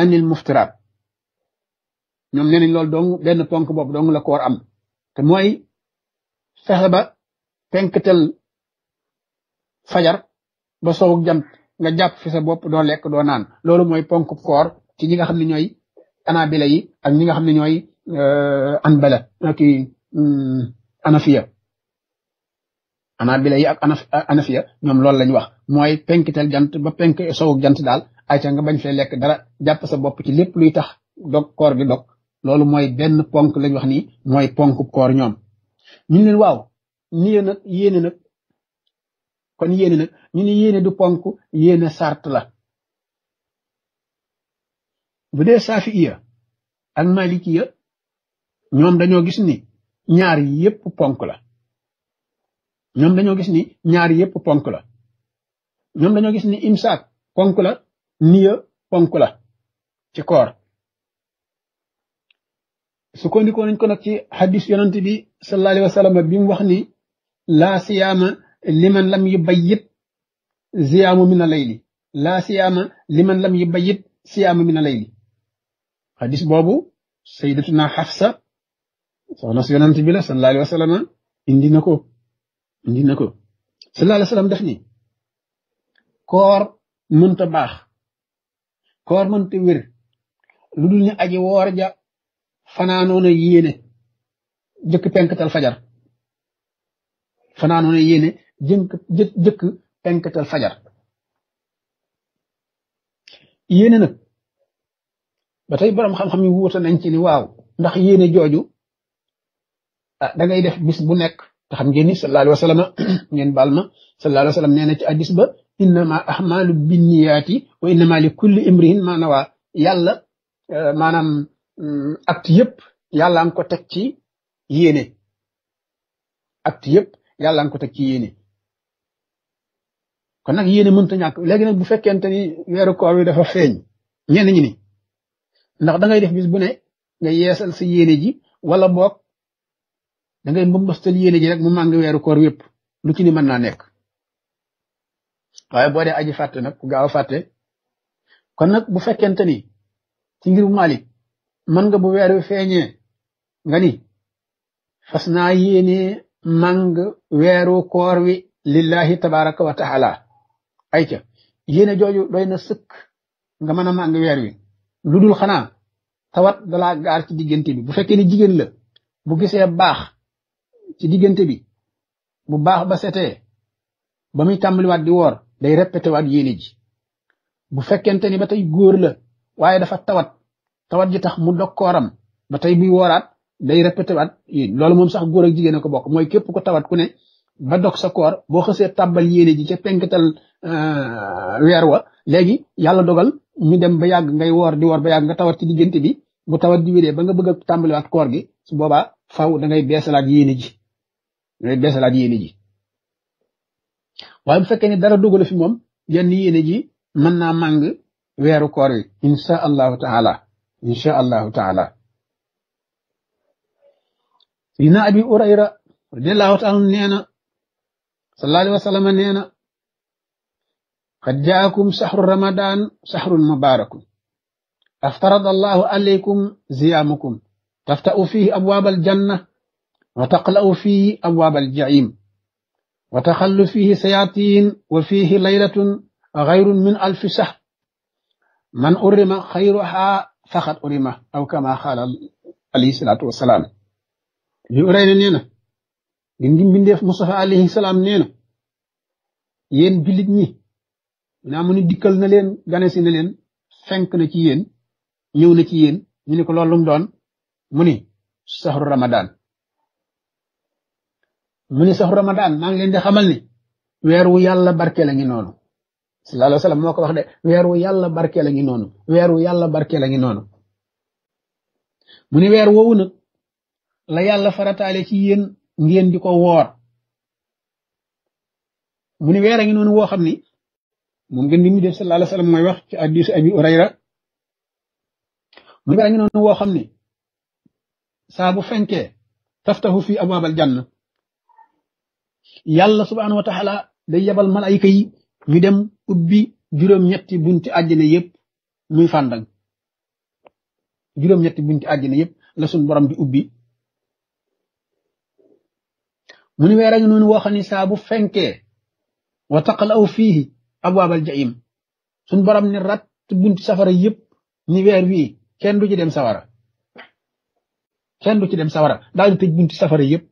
anil muftirat ñoom nee nañ dong benn ponk boobu dong la koor am te mooy fexe ba penkatal fajar ba sowu jant nga jàpp fi sa bopp doo lekk doo naan loolu mooy ponk koor ci ñi nga xam ne ñooy anabila yi ak ñi nga xam ne ñooy euh, anbala ki mm, anafiya anabila yi ak anafiya ñoom loolu lañ wax mooy penkital jant ba penk sowu jant daal ayca nga bañ fee lekk dara jàpp sa bopp ci lépp luy tax dog koor gi dog loolu mooy benn ponk lañ wax ni mooy ponk koor ñoom ñu leen waaw ni nag yéene nag kon yéene nag ñu ni yéene du ponk yéene sart la bu dee saafi iya ak maliki ya ñoom dañoo gis ni ñaar yépp ponk la ñoom dañoo gis ni ñaar yépp ponk la ñoom dañoo gis ni imsaak ponk la niya ponk la ci koor sukkandikoo nañ ko nag ci xadis yonent bi sallallahu alayhi wa sallam bi mu wax ni laa siyaama liman lam yu bayyit ziyaamu min liman lam yu bayyit siyaamu min a layli xadis boobu sayyidatuna xafsa soxna si yonent bi la sallallahu alayhi wa na ko indi na ko sallallahu alayhi wa sallam def ni koor mënta baax koor mënta wér lu dul ne woor ja fanaanoon a yéene jëkk penkatal fajar fanaanoon a yéene jënk jëkk penkatal fajar yéene nag ba tey borom xam-xam yi wuute nañ ci ni waaw ndax yéene jooju ah da ngay def bis bu nekk taxam xam ngeen ni sallallahu alayhi wa sallam <coughs> ngeen baal ma sallallahu alayhi wa sallam na addis ba innama ahmaalu binniyaati wa innama li kulli imrihin waa yàlla eh, maanaam Mm, acte yëpp yàlla nga ko teg ci yéene act yëpp yàlla nga ko teg ci yéene kon nag yéene mënta ñàkk léegi nag bu fekkente ni weeru koor wi dafa feeñ ñenn ñi ni ndax dangay def bis bu ne nga yeesal si yéene ji wala boog da ngay mbëmbëstal yéene ji rek mu màng weeru koor yëpp lu ci ni mën naa nekk waaye boo dee aji fàtte nag ku gaaw a fàtte kon nag bu fekkente ni ci ngir Malik man nga bu weer wi feeñee nga ni fas naa yéene mang weeru koor wi lillahi tabaraka wa taala ay jooju doy na sëkk nga mën a mang weer wi lu dul xanaa tawat dalaa gaar ci diggante bi bu fekkee ni jigéen la bu gisee baax ci diggante bi bu baax ba setee ba muy tàmbaliwaat di woor day répété waat yéene ji bu fekkente ni ba tey góor la waaye dafa tawat tawat ji tax mu dog koram ba tay muy worat day répété waat loolu mom sax goor ak jigen ko bok moy kep ko tawat ku ne ba dog sa koor bo xese tabal yene ji ca penkatal euh, wer wa legi yalla dogal ñu dem ba yag ngay wor di wor ba yag nga tawat ci digeenti bi bu tawat di wéré ba nga bëgg a wat koor gi su boba faaw da ngay bëssalat yene ji ngay bëssalat yene ji waaye bu dara dogal fi mom yenn yene ji man na mang wéru koor wi insha allah taala إن شاء الله تعالى سيدنا أبي هريرة رضي الله تعالى عنه صلى الله عليه وسلم نينا قد جاءكم سحر رمضان سحر مبارك افترض الله عليكم زيامكم تفتأ فيه أبواب الجنة وتقلأ فيه أبواب الجعيم وتخل فيه سياتين وفيه ليلة غير من ألف شهر من أرم خيرها faxat urima aw kama xaala alayhi salaatu wasalaam ñu rey na nee na ngir ngi mbindeef Mustafa alayhi salaam nee na ñi naa mu dikkal na leen ganesi na leen fenk na ci yéen ñëw na ci yéen ñu ni ko loolu mu doon mu ni saxru ramadaan mu ni saxru ramadaan maa ngi leen di xamal ni weer wu yàlla barke la ngi noonu sallallahu alayhi wasallam moko wax de wéru yalla barké la ngi nonu wéru yalla barké la ngi nonu muni wér wowu nak la yalla faratale ci yeen ngeen diko wor muni wéra ngi nonu wo xamni mom gën ni mi def sallallahu alayhi wasallam moy wax ci hadith abi urayra muni wéra ngi nonu wo xamni sa bu fenké taftahu fi abwab al yalla subhanahu wa ta'ala day yabal malaika yi ñu dem ubbi juróom ñetti bunti àjjana yépp muy fàndang juróom ñetti bunti àjjana yépp la sun borom di ubbi mu ni weer ak noonu woo xam ni saa bu fenkee wa sun borom ni rat bunti safara yépp ni weer wii kenn du ci dem sawara kenn du ci dem sawara daal di bunti safara yépp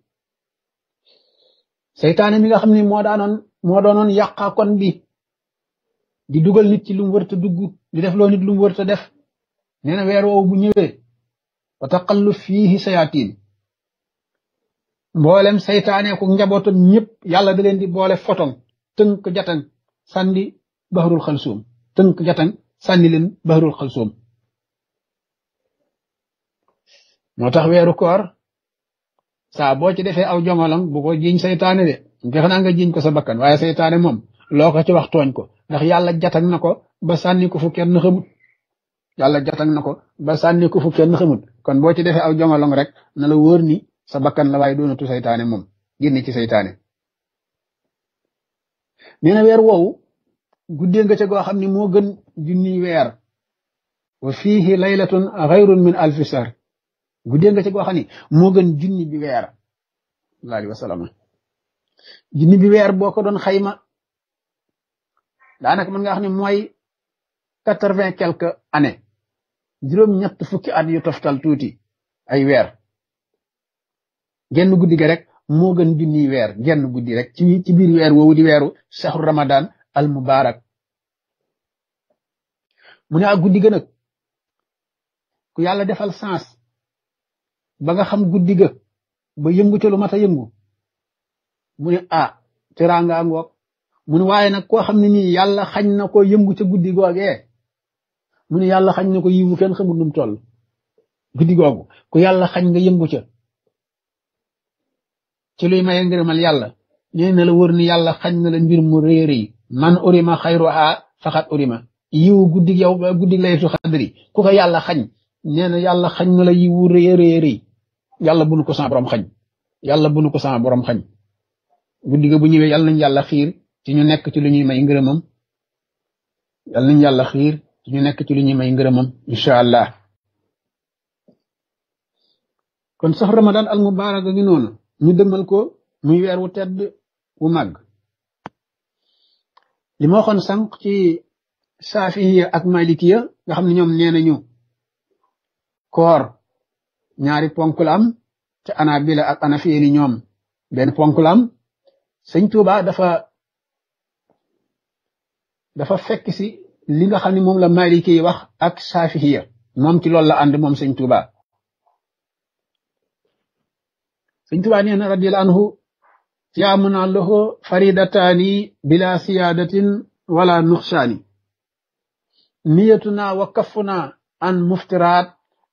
seytaane mi nga xam ne moo daanoon moo doonoon yàqaakon bi di dugal nit ci lu mu wërta dugg di def loo nit lu mu wërta def nee na weer woowu bu ñëwee wa taqallu fiihi sayaatiin mboolem seytaane ku njabootam ñëpp yàlla da leen di boole fotoŋ tënk jatan sànni baxarul xalsuum tënk jatan sànni leen baxarul xalsuum moo tax weeru koor saa boo ci defee aw jongalam bu ko jiñ saytaane de defe naa nga jiñ ko sa bakkan waaye saytaane moom loo ko ci wax tooñ ko ndax yàlla jatag na ko ba sànni ko fu kenn xamut yàlla jatag na ko ba sànni ko fu kenn xamut kon boo ci defee aw jongalong rek na la wóor ni sa bakkan la waaye doonatu saytaane moom génn ci saytaane nee na weer woowu guddee nga ca xam ni moo gën junniy weer wa fiihi laylatun xayrun min alfi guddeel nga ci goo xam ni moo gën junni bi weer laali wasalaam junni weer boo ko doon xayma daanaka mën nga wax ne mooy quatre vingt quelques années juróom ñett fukki at yu toftal tuuti ay weer genn guddi ga rek moo gën junni weer genn guddi rek ci biir weer woowu di weeru shahru ramadan al mu ne ak guddi ga nag ku yàlla defal sens ba nga xam guddi ga ba yëngu ca lu mat yëngu mu ne ah teraanga ngoog mu ne waaye nag koo xam ne nii yàlla xañ na ko yëngu ca guddi googee mu ne yàlla xañ na ko yiwu kenn xamul num toll guddi googu ku yàlla xañ nga yëngu ca ci luy maye ngërëmal yàlla nee na la wër ni yàlla xañ na la mbir mu réer yi man urima xayruha faxat urima yiwu guddi yow guddi xadri ku ko yàlla xañ nee na yàlla xañ na la yiwu réer réer yi yàlla bu nu ko sama borom xañ yàlla bu nu ko sama borom xañ guddi ga bu ñëwee yàlla nañ yàlla xiir ci ñu nekk ci lu may ngërëmam yàlla nañ yàlla xiir ci ñu nekk ci lu may ngërëmam incha kon sax ramadan al mubarak gi noonu ñu dëgmal ko muy weer wu tedd wu màgg li ma waxoon sànq ci saafiya ak malikiya nga xam ne ñoom koor ñaari ponku la am ci anabila ak anafiye ni ñoom ben ponku la am seigne touba dafa dafa fekk ci li nga xamni mom la maliki wax ak safihiya mom ci lool la and mom seigne touba seigne touba ni na anhu yaamuna lahu faridatani bila siyadatin wala nuxsani. niyatuna wa kafuna an muftirat.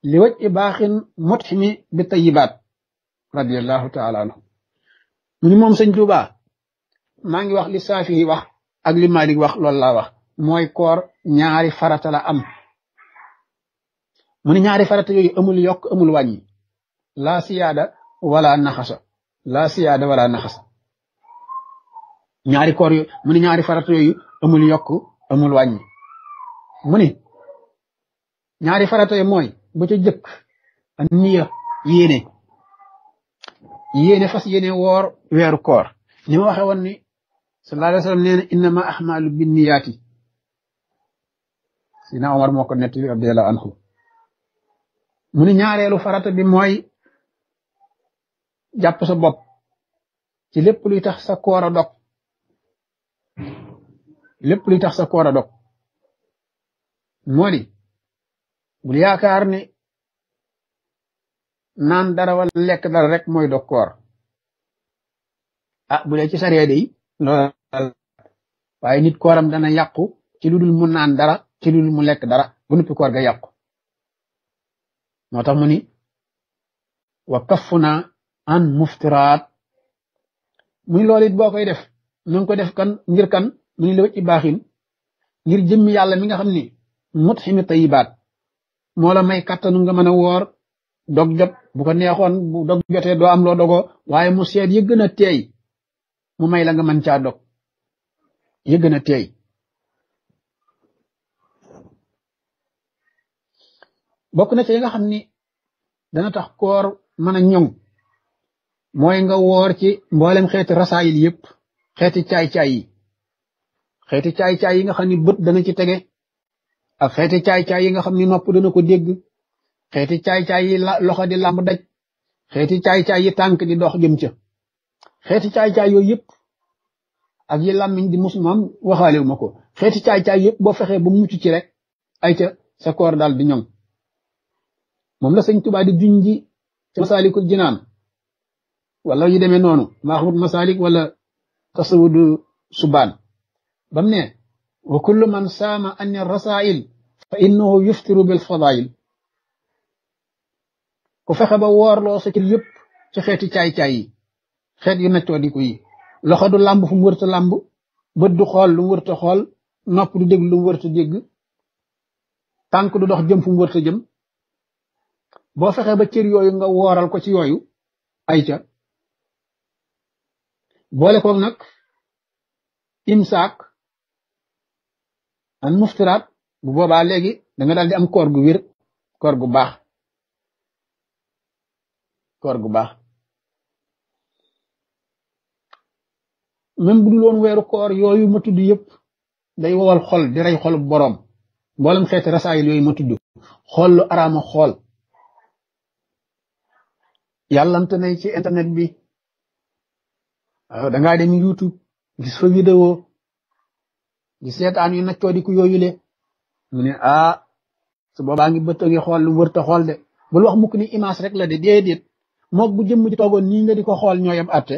li waj i baaxin motximi bi tayibaat radiallahu taala anhu mu moom sëñ Tuubaa maa ngi wax li saafi wax ak li wax loolu laa wax mooy koor ñaari farata la am mu ñaari farata yooyu amul yokk amul wàññi laa siyaada wala naxasa laa siyaada wala naxasa ñaari koor yooyu mu ñaari farata yooyu amul yokk amul wàññi mu ñaari farata yooyu mooy ba ca jëkk an niya yéene yéene fas yéene woor weeru koor ni ma waxee woon ni sallallahu alayhi wa sallam nee na innama ahmalu binniyaati sina Omar moo ko nettali radiyallahu anhu mu ni ñaareelu farata bi mooy jàpp sa bopp ci lépp luy tax sa koor a dog lépp luy tax sa koor a dog moo di bul yaakaar ni naan dara wala lekk dara rek moy dokor koor ah bu dee ci sariya de waaye nit kooram dana yàqu ci lu dul mu naan dara ci lu dul mu lekk dara bu nuppi koor ga yàqu moo tax mu wa kaffuna an muftirat, muy loolu it boo koy def nu ngi ko def kan ngir kan mu ni la wëcc baaxin ngir jëmmi yàlla mi nga xam ni mutximi moo la may kattanu nga mën a woor dog jot bu ko neexoon bu dog jotee doo am loo dogo waaye mu seet yi gën a teey mu may la nga mën caa dog yi gën a teey bokk na ci yi nga xam ni dana tax koor mën a ñoŋ mooy nga woor ci mboolem xeeti rasaayil yëpp xeeti caay-caay yi xeeti caay-caay yi nga xam ni bët dana ci tege ak xeeti caay-caay yi nga xam ni nopp dana ko dégg xeeti caay-caay yi loxo di làmb daj xeeti caay-caay yi tànk di dox jëm ca xeeti caay-caay yooyu yëpp ak yi làmmiñ di musulmaan waxaale wu ma ko xeeti caay-caay yëpp boo fexee ba mucc ci rek ay ca sa koor daal di ñoŋ moom la sëñ Tuubaa di juñ ji ca jinaan wala yu demee noonu maaxamut masaalik wala tasawudu subaan bam ne wa kullu man saama an rasail fa innahu yuftiru bil fadail ku fexe ba woorloo sa cër yëpp ci xeeti caay-caay yi xeet yu nettoo di ko yi loxo du làmb fu mu wërta làmb bët du xool lu mu wërta xool nopp du dégg lu mu wërta dégg tànk du dox jëm fu mu wërta jëm boo fexe ba cër yooyu nga wooral ko ci yooyu ay ca boole ko nag imsaak am muftiraat bu boobaa léegi da nga daal di am koor gu wér koor gu baax koor gu baax même bu dul woon weeru koor yooyu ma tudd yëpp day wowal xol di rey xolu boroom mboolem xeeti rasaayil yooyu ma tudd xool lu araama xool yàllamte na ci internet bi waaw dangaa YouTube gis fa vidéo di seetaan yu naccoo di ku yooyule mu ne ah su boobaa ngi bët ngi xool lu wërta xool de bul wax mukk ni image rek la de déedéet moog bu jëmm ji toogoon nii nga di ko xool ñooyam atte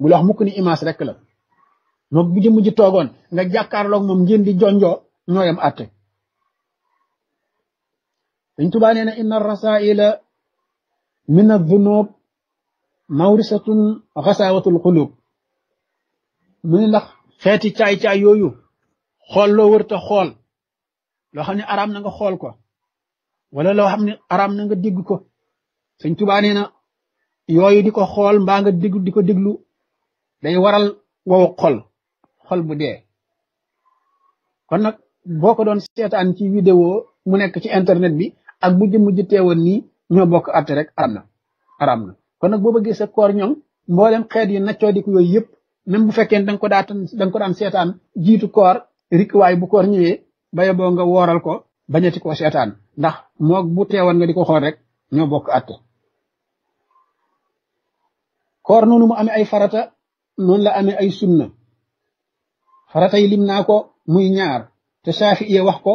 bul wax mukk ni image rek la moog bu jëmm ji toogoon nga jàkkaarloog moom ngeen di jonjoo ñooyam atte dañ tubaa nee na inna rasaila min adunub mawrisatun xasaawatul xulub mu ne ndax xeeti caay-caay yooyu xool loo wërta xool loo xam ne araam na nga xool ko wala loo xam ne araam na nga dégg ko Sëñ Tuubaa nee na yooyu di ko xool mbaa nga dégg di ko déglu day waral wowu xol xol bu dee kon nag boo ko doon seetaan ci vidéo mu nekk ci internet bi ak bu jëm ji teewoon nii ñoo bokk àtte rek araam na araam na kon nag boo bëggee sa koor ñoŋ mboolem xeet yi naccoo di ko yooyu yëpp même bu fekkee ne da ko daatan da ko daan seetaan jiitu koor rikkiwaay bu koor ñëwee bay boo nga wooral ko bañati koo seetaan ndax moo bu teewoon nga di ko xool rek ñoo bokk atte koor noonu mu amee ay farata noonu la amee ay sunna farata yi lim naa ko muy ñaar te saafiya wax ko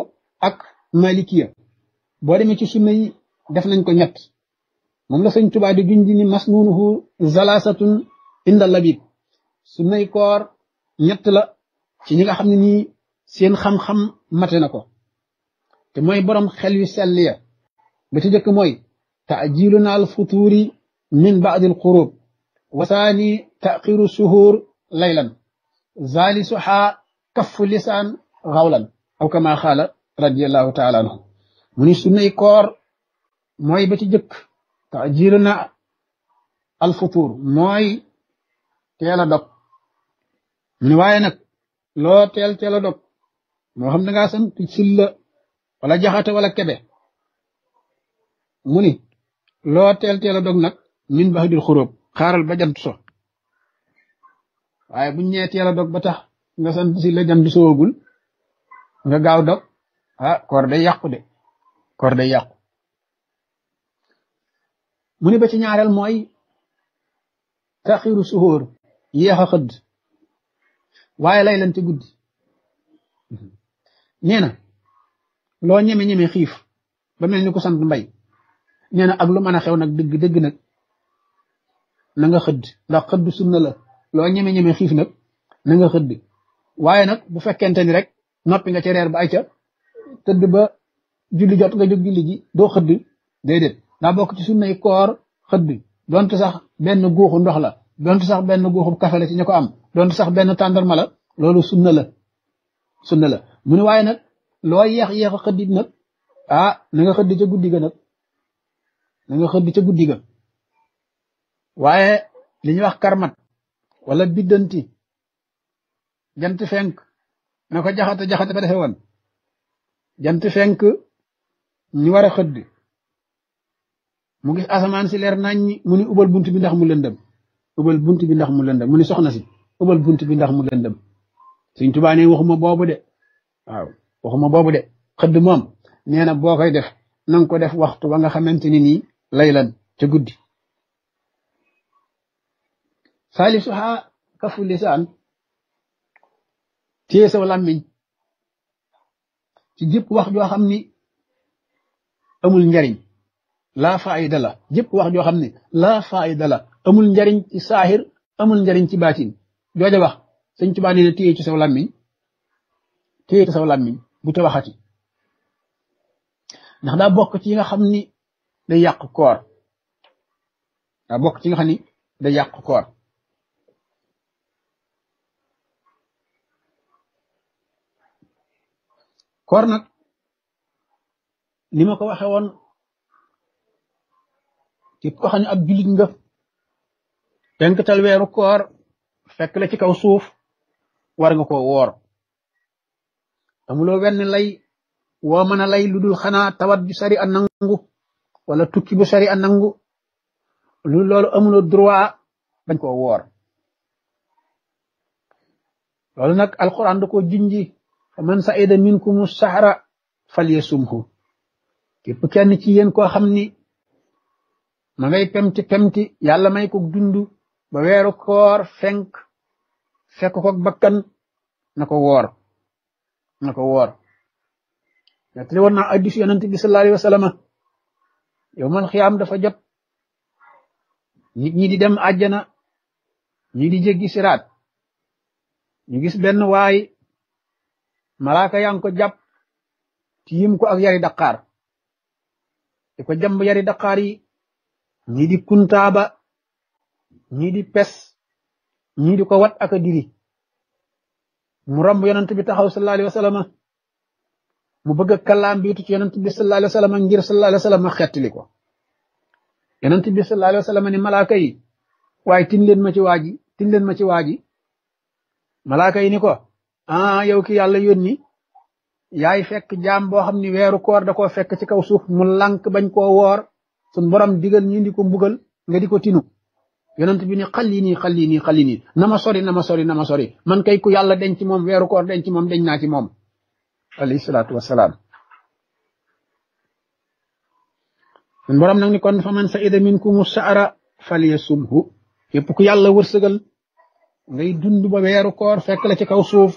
ak malikiya boo demee ci sunna yi def nañ ko ñett moom la sëñ Tuubaa di junj ni masnuunuhu zalasatun inda labib sunnay koor ñett la ci ñi nga xam ne nii seen xam-xam mate na ko te mooy borom xel yu sell ya ba ci jëkk mooy taajiluna al futuri min baadi al qurub wasaani taqiru suhur laylan zali suha kaffu lisaan xawlan aw kama xaala radiallahu taala anhu mu ni sunnay koor mooy ba ci jëkk taajiluna al futur mooy teel a dog mu loa waaye nag loo teel teel a dog moo xam da sant sulla wala jaxata wala kebe mu ni loo teel teel a dog nag min ba xadil xuróob xaaral ba jant so waaye bu ñee teel a dog ba tax nga sant si la jant soogul nga gaaw dog ah koor day yàqu de day yàqu ba ci ñaareel mooy taxiru suhóor yéex a waaye lay lañ ci guddi nee na loo ñeme ñeme xiif ba mel ni ku sant mbay nee na ak lu mën a xew nag dëgg dëgg nag na nga xëdd ndax xëdd sunna la loo ñeme ñeme xiif nag na nga xëdd waaye nag bu fekkente ni rek noppi nga ci reer ba ay ca tëdd ba julli jot nga jóg julli ji doo xëdd déedéet daa bokk ci sunnay koor xëdd donte sax benn guuxu ndox la donte sax benn guuxu kafe la ci ñu ko am doon sax benn tàndarma la loolu sunna la sunna la mu ne waaye nag loo yeex yeex a xëddit nag ah na nga ca guddi ga nag na nga ca guddi waaye li ñuy wax karmat walla biddanti jant fenk na ko jaxate jaxate ba defee wan jant fenk ñu war a xëdd mu gis asamaan si leer nañ ñi mu ubal bunt bi ndax mu lëndëm ubal bunt bi ndax mu lëndëm mu ni soxna si ubal bunt bi ndax mu lëndëm suñ tubaa ne waxuma boobu de waaw waxuma boobu de xëdd moom nee na boo koy def nang ko def waxtu ba nga xamante ni nii lay lan ca guddi salisuhaa kafu lisaan téye saw làmmiñ ci jëpp wax joo xam ni amul njariñ laa faayida la jëpp wax joo xam ni laa faayida la amul njariñ ci saahir amul njariñ ci baatin jooja wax sëñ Tuubaa nee na téye ci saw làmmiñ téye ci saw waxati ndax daa bokk ci yi nga xam ni day yàq koor ni day yàq koor koor nag ni ma ko waxe woon képp ko xam ne weeru koor fekk la ci kaw suuf war nga ko woor amuloo wenn lay woo mën a lay lu dul xanaa tawat ju sari a nangu wala tukki bu sari a nangu lu loolu amuloo droit bañ koo woor loolu nag alquran da ko jinji faman saida minkumu sahra falyasumhu képp kenn ci yéen koo xam ni ma ngay pemti pemti yàlla may ko dundu ba weeru koor fenk fekk ko bakkan na ko woor na ko woor nettali woon naa addis yonente bi sallallahu alayhi wa sallam yow man xiyaam dafa jot nit ñi di dem àjjana ñi di jéggi siraat ñu gis benn waay malaaka yaa ko jàpp tiim ko ak yari daqaar di ko yari daqaar yi ñi di kuntaaba ñii di pes ñii di ko wat ak diri mu romb yonent bi taxaw sallallahu alaihi wasallam mu bëgg kalam bi ci yonent bi sallallahu alaihi wasallam ngir sallallahu alaihi wasallam xettali ko yonent bi sallallahu alaihi wasallam ni malaaka yi way tin leen ma ci waji tin leen ma ci waji malaaka yi ni ko ah yow ki yalla yonni yaay fekk jam bo xamni ni koor da ko fekk ci kaw suuf mu lank bañ ko wor sun borom digal ñi indi ko mbugal nga di ko tinu yonent bi ne xalli nii xalli nii xalli nii na sori na sori na sori man kay ku yàlla denc moom weeru koor denc moom denc naa ci moom alayhi salaatu wasalaam sun borom nag ni kon fa man saida minkumu saara falyasumhu yépp ku yàlla wërsëgal ngay dund ba weeru koor fekk la ci kaw suuf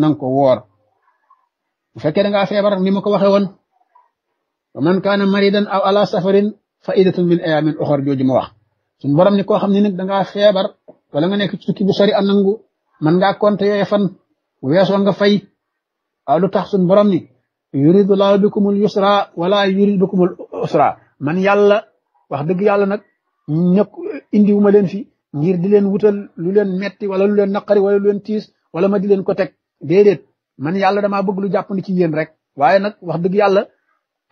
nang ko woor bu fekkee da ngaa feebar ni ma ko waxe woon wa man kaana maridan aw ala safarin fa idatun min ayamin oxor jooju ma wax suñu borom ni koo xam ne nag dangaa feebar wala nga nekk ci tukki bu sori a nangu man ngaa compter yooyu fan bu weesoo nga fay a lu tax suñu borom ni yuridu laahu bikumul yusra wala yuridu bikumul usra man yàlla wax dëgg yàlla nag indi indiwu ma leen fi ngir di leen wutal lu leen metti wala lu leen naqari wala lu leen tiis wala ma di leen ko teg déedéet man yàlla damaa bëgg lu jàppandi ci yéen rek waaye nag wax dëgg yàlla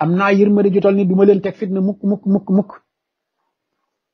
am naa yërmande ju toll ni du ma leen teg fitna mukk mukk mukk mukk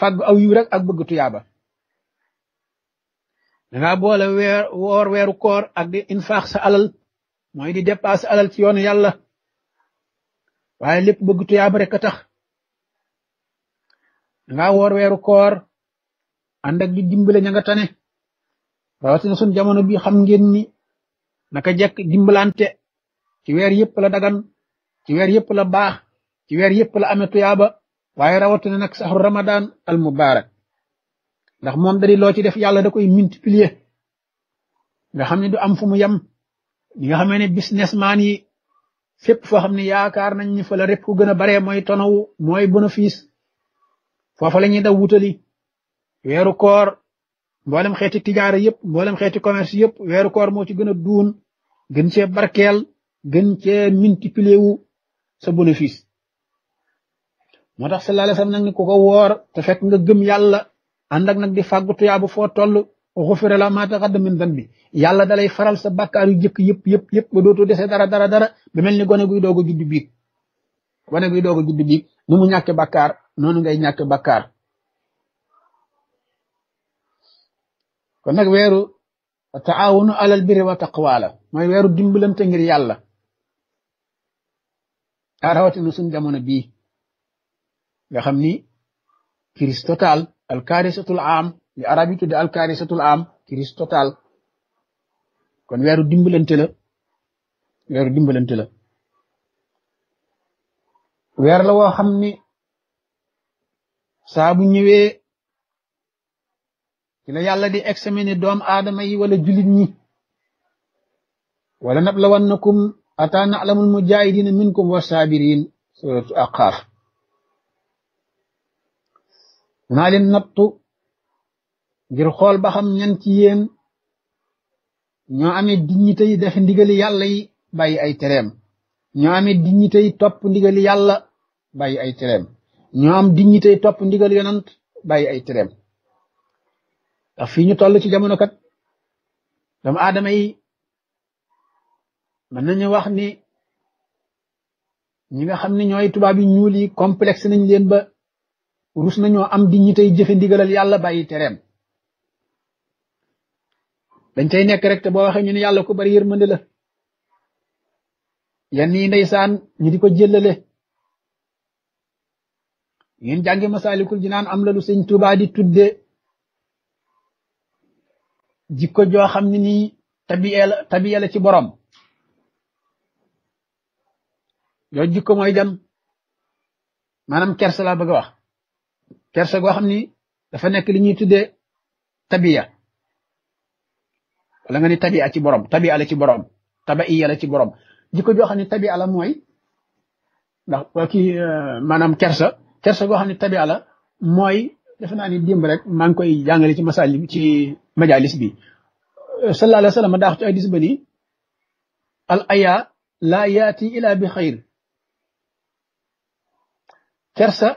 bu aw yiw rek ak bëgg tuyaaba danga boole weer woor weeru koor ak di infaax sa alal mooy di dépasse alal ci yoonu yàlla waaye lépp bëgg tuyaaba rek a tax danga woor weeru koor ànd ak di dimbale ña nga tane rawatina sun jamono bi xam ngeen ni naka jekk dimbalante ci weer yépp la dagan ci weer yépp la baax ci weer yépp la tuyaaba waaye rawatina nag saxru ramadan al mubarak ndax moom dari loo ci def yàlla da koy multiplier nga xam ne du am fu mu yam li nga xamee ne businessman yi fépp foo xam ne yaakaar nañ ni fa la rép ku gën a baree mooy tonawu mooy bénéfice foofa la ñuy daw wutali weeru koor mboolem xeeti tijaara yépp mboolem xeeti commerce yépp weeru koor moo ci gën a duun gën cee barkeel gën cee multiplier wu sa bénéfice moo tax sallallahu alayhi wa sallam nag ni ku ko woor te fekk nga gëm yàlla ànd ak nag di fàggu tuyaabu foo toll xufira la maa taqaddama min danbi yàlla dalay faral sa bàkkaar yu jëkk yëpp yëpp yëpp ba dootoo desee dara dara dara mel ni gone guy doog a judd biig gone guy doog a judd mu ñàkke bàkkaar noonu ngay ñàkke bàkkaar kon nag weeru taawunu alal birri wa taqwa la mooy weeru dimbalante ngir yàlla a rawatina suñ jamono bii nga xam ni crise totale alkaarisatul am li arab yi tudde alkaarisatul am crise kon weeru dimbalante la weeru dimbalante la weer la woo xam ni saa bu ñëwee ci la yàlla di examiner doom aadama yi wala julit ñi wala nablawannakum ataa na'lamul mujahidina minkum wa sabirin suratu aqaaf danaa leen nattu ngir xool ba xam ñan ci yéen ñoo amee dignité def ndigali yàlla yi bàyyi ay tereem ñoo amee dignité topp ndigali yàlla bàyyi ay tereem ñoo am dignité topp ndigal yonant bàyyi ay tereem ndax fii ñu toll ci jamono kat doomu aadama yi mën nañu wax ni ñi nga xam ne ñooy tubaab yi ñuul yi complexe nañ leen ba rus nañoo am di ñi tey jëfe ndigalal yàlla bàyyi tereem dañ cay nekk rek te boo waxee ñu ne yàlla ku bari yërmande la yenn yi ndeysaan ñu di ko jëllale ngeen jàngi masaalikul jinaan am la lu sëñ Tuubaa di tudde jikko joo xam ne nii tabiya ci borom yoo jikko mooy dem maanaam kersa laa bëgg wax kersa go xamni dafa nek li ñuy tuddé tabiya wala nga ni tabiya ci borom tabiya la ci borom tabaiya la ci borom jikko jo xamni ni tabiya la moy ndax ki manam kersa kersa go xamni ni tabiya la moy dafa na ni dimb rek mang koy jàngale ci masalim ci majalis bi sallallahu alayhi wasallam da daax ci hadis ba ni al aya la yati ila bi khair kersa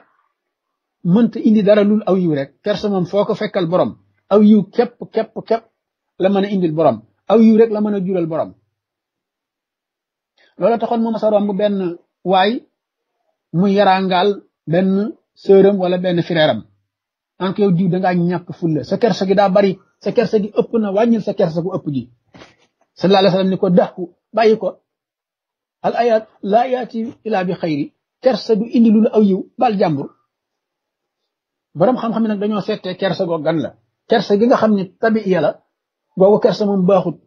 mënta indi dara lul aw yiw rek kersa mom foko fekkal borom aw yiw kep kep kep la mëna indi borom aw yiw rek la mëna jural borom loola taxon mu masa romb ben way mu yarangal ben sëram wala ben fireeram an ko yow diw da nga ñak fulla sa kersa gi da bari sa kersa gi ëpp na wañul sa kersa gu ëpp gi sallallahu alayhi wasallam ni ko daxku bàyyi al ayat la yati ila bi khairi kersa du indi lu aw yiw bal jàmbur borom xam-xam nak dañoo sété kersa go gan la kersa gi nga xam ni tabi la googu kersa mom baxut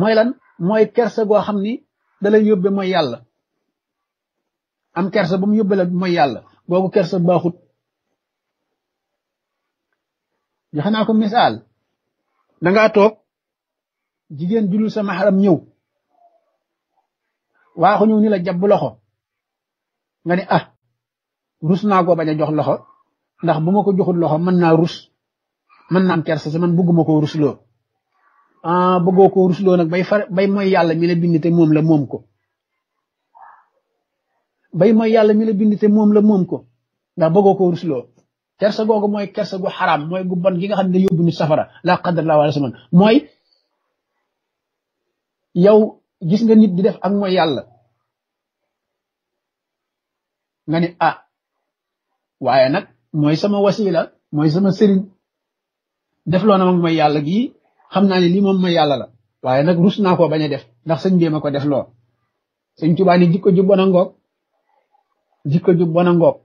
moy lan moy kersa go xam ni da lay yobbe moy yalla am kersa bu mu yobbe la moy yalla googu kersa baxut joxe naa ko misal da nga tok jigen julu sa mahram ñew waxu ñu ni la jabb loxo nga ni ah rus naa ko bañ a jox loxo ndax bu ma ko joxul loxo mën naa rus mën naa am kersa si man ko koo rusloo ah bëggoo koo rusloo nag bay far bay mooy yàlla mi la bind te moom la moom ko bay mooy yàlla mi la bind te moom la moom ko ndax bëggoo koo rusloo kersa googu mooy kersa gu xaram mooy gu bon gi nga xam ne ni safara la qadar la wala saman mooy yow gis nga nit di def ak mooy yàlla nga ah waaye nag mooy sama wasila mooy sama sëriñ def loo na mag may yàlla gii xam naa ne lii moom may yàlla la waaye nag rus naa koo def ndax sëñ bee ma ko def loo sëñ tubaa ni jikko ju bona ngoog jikko ju bona ngoog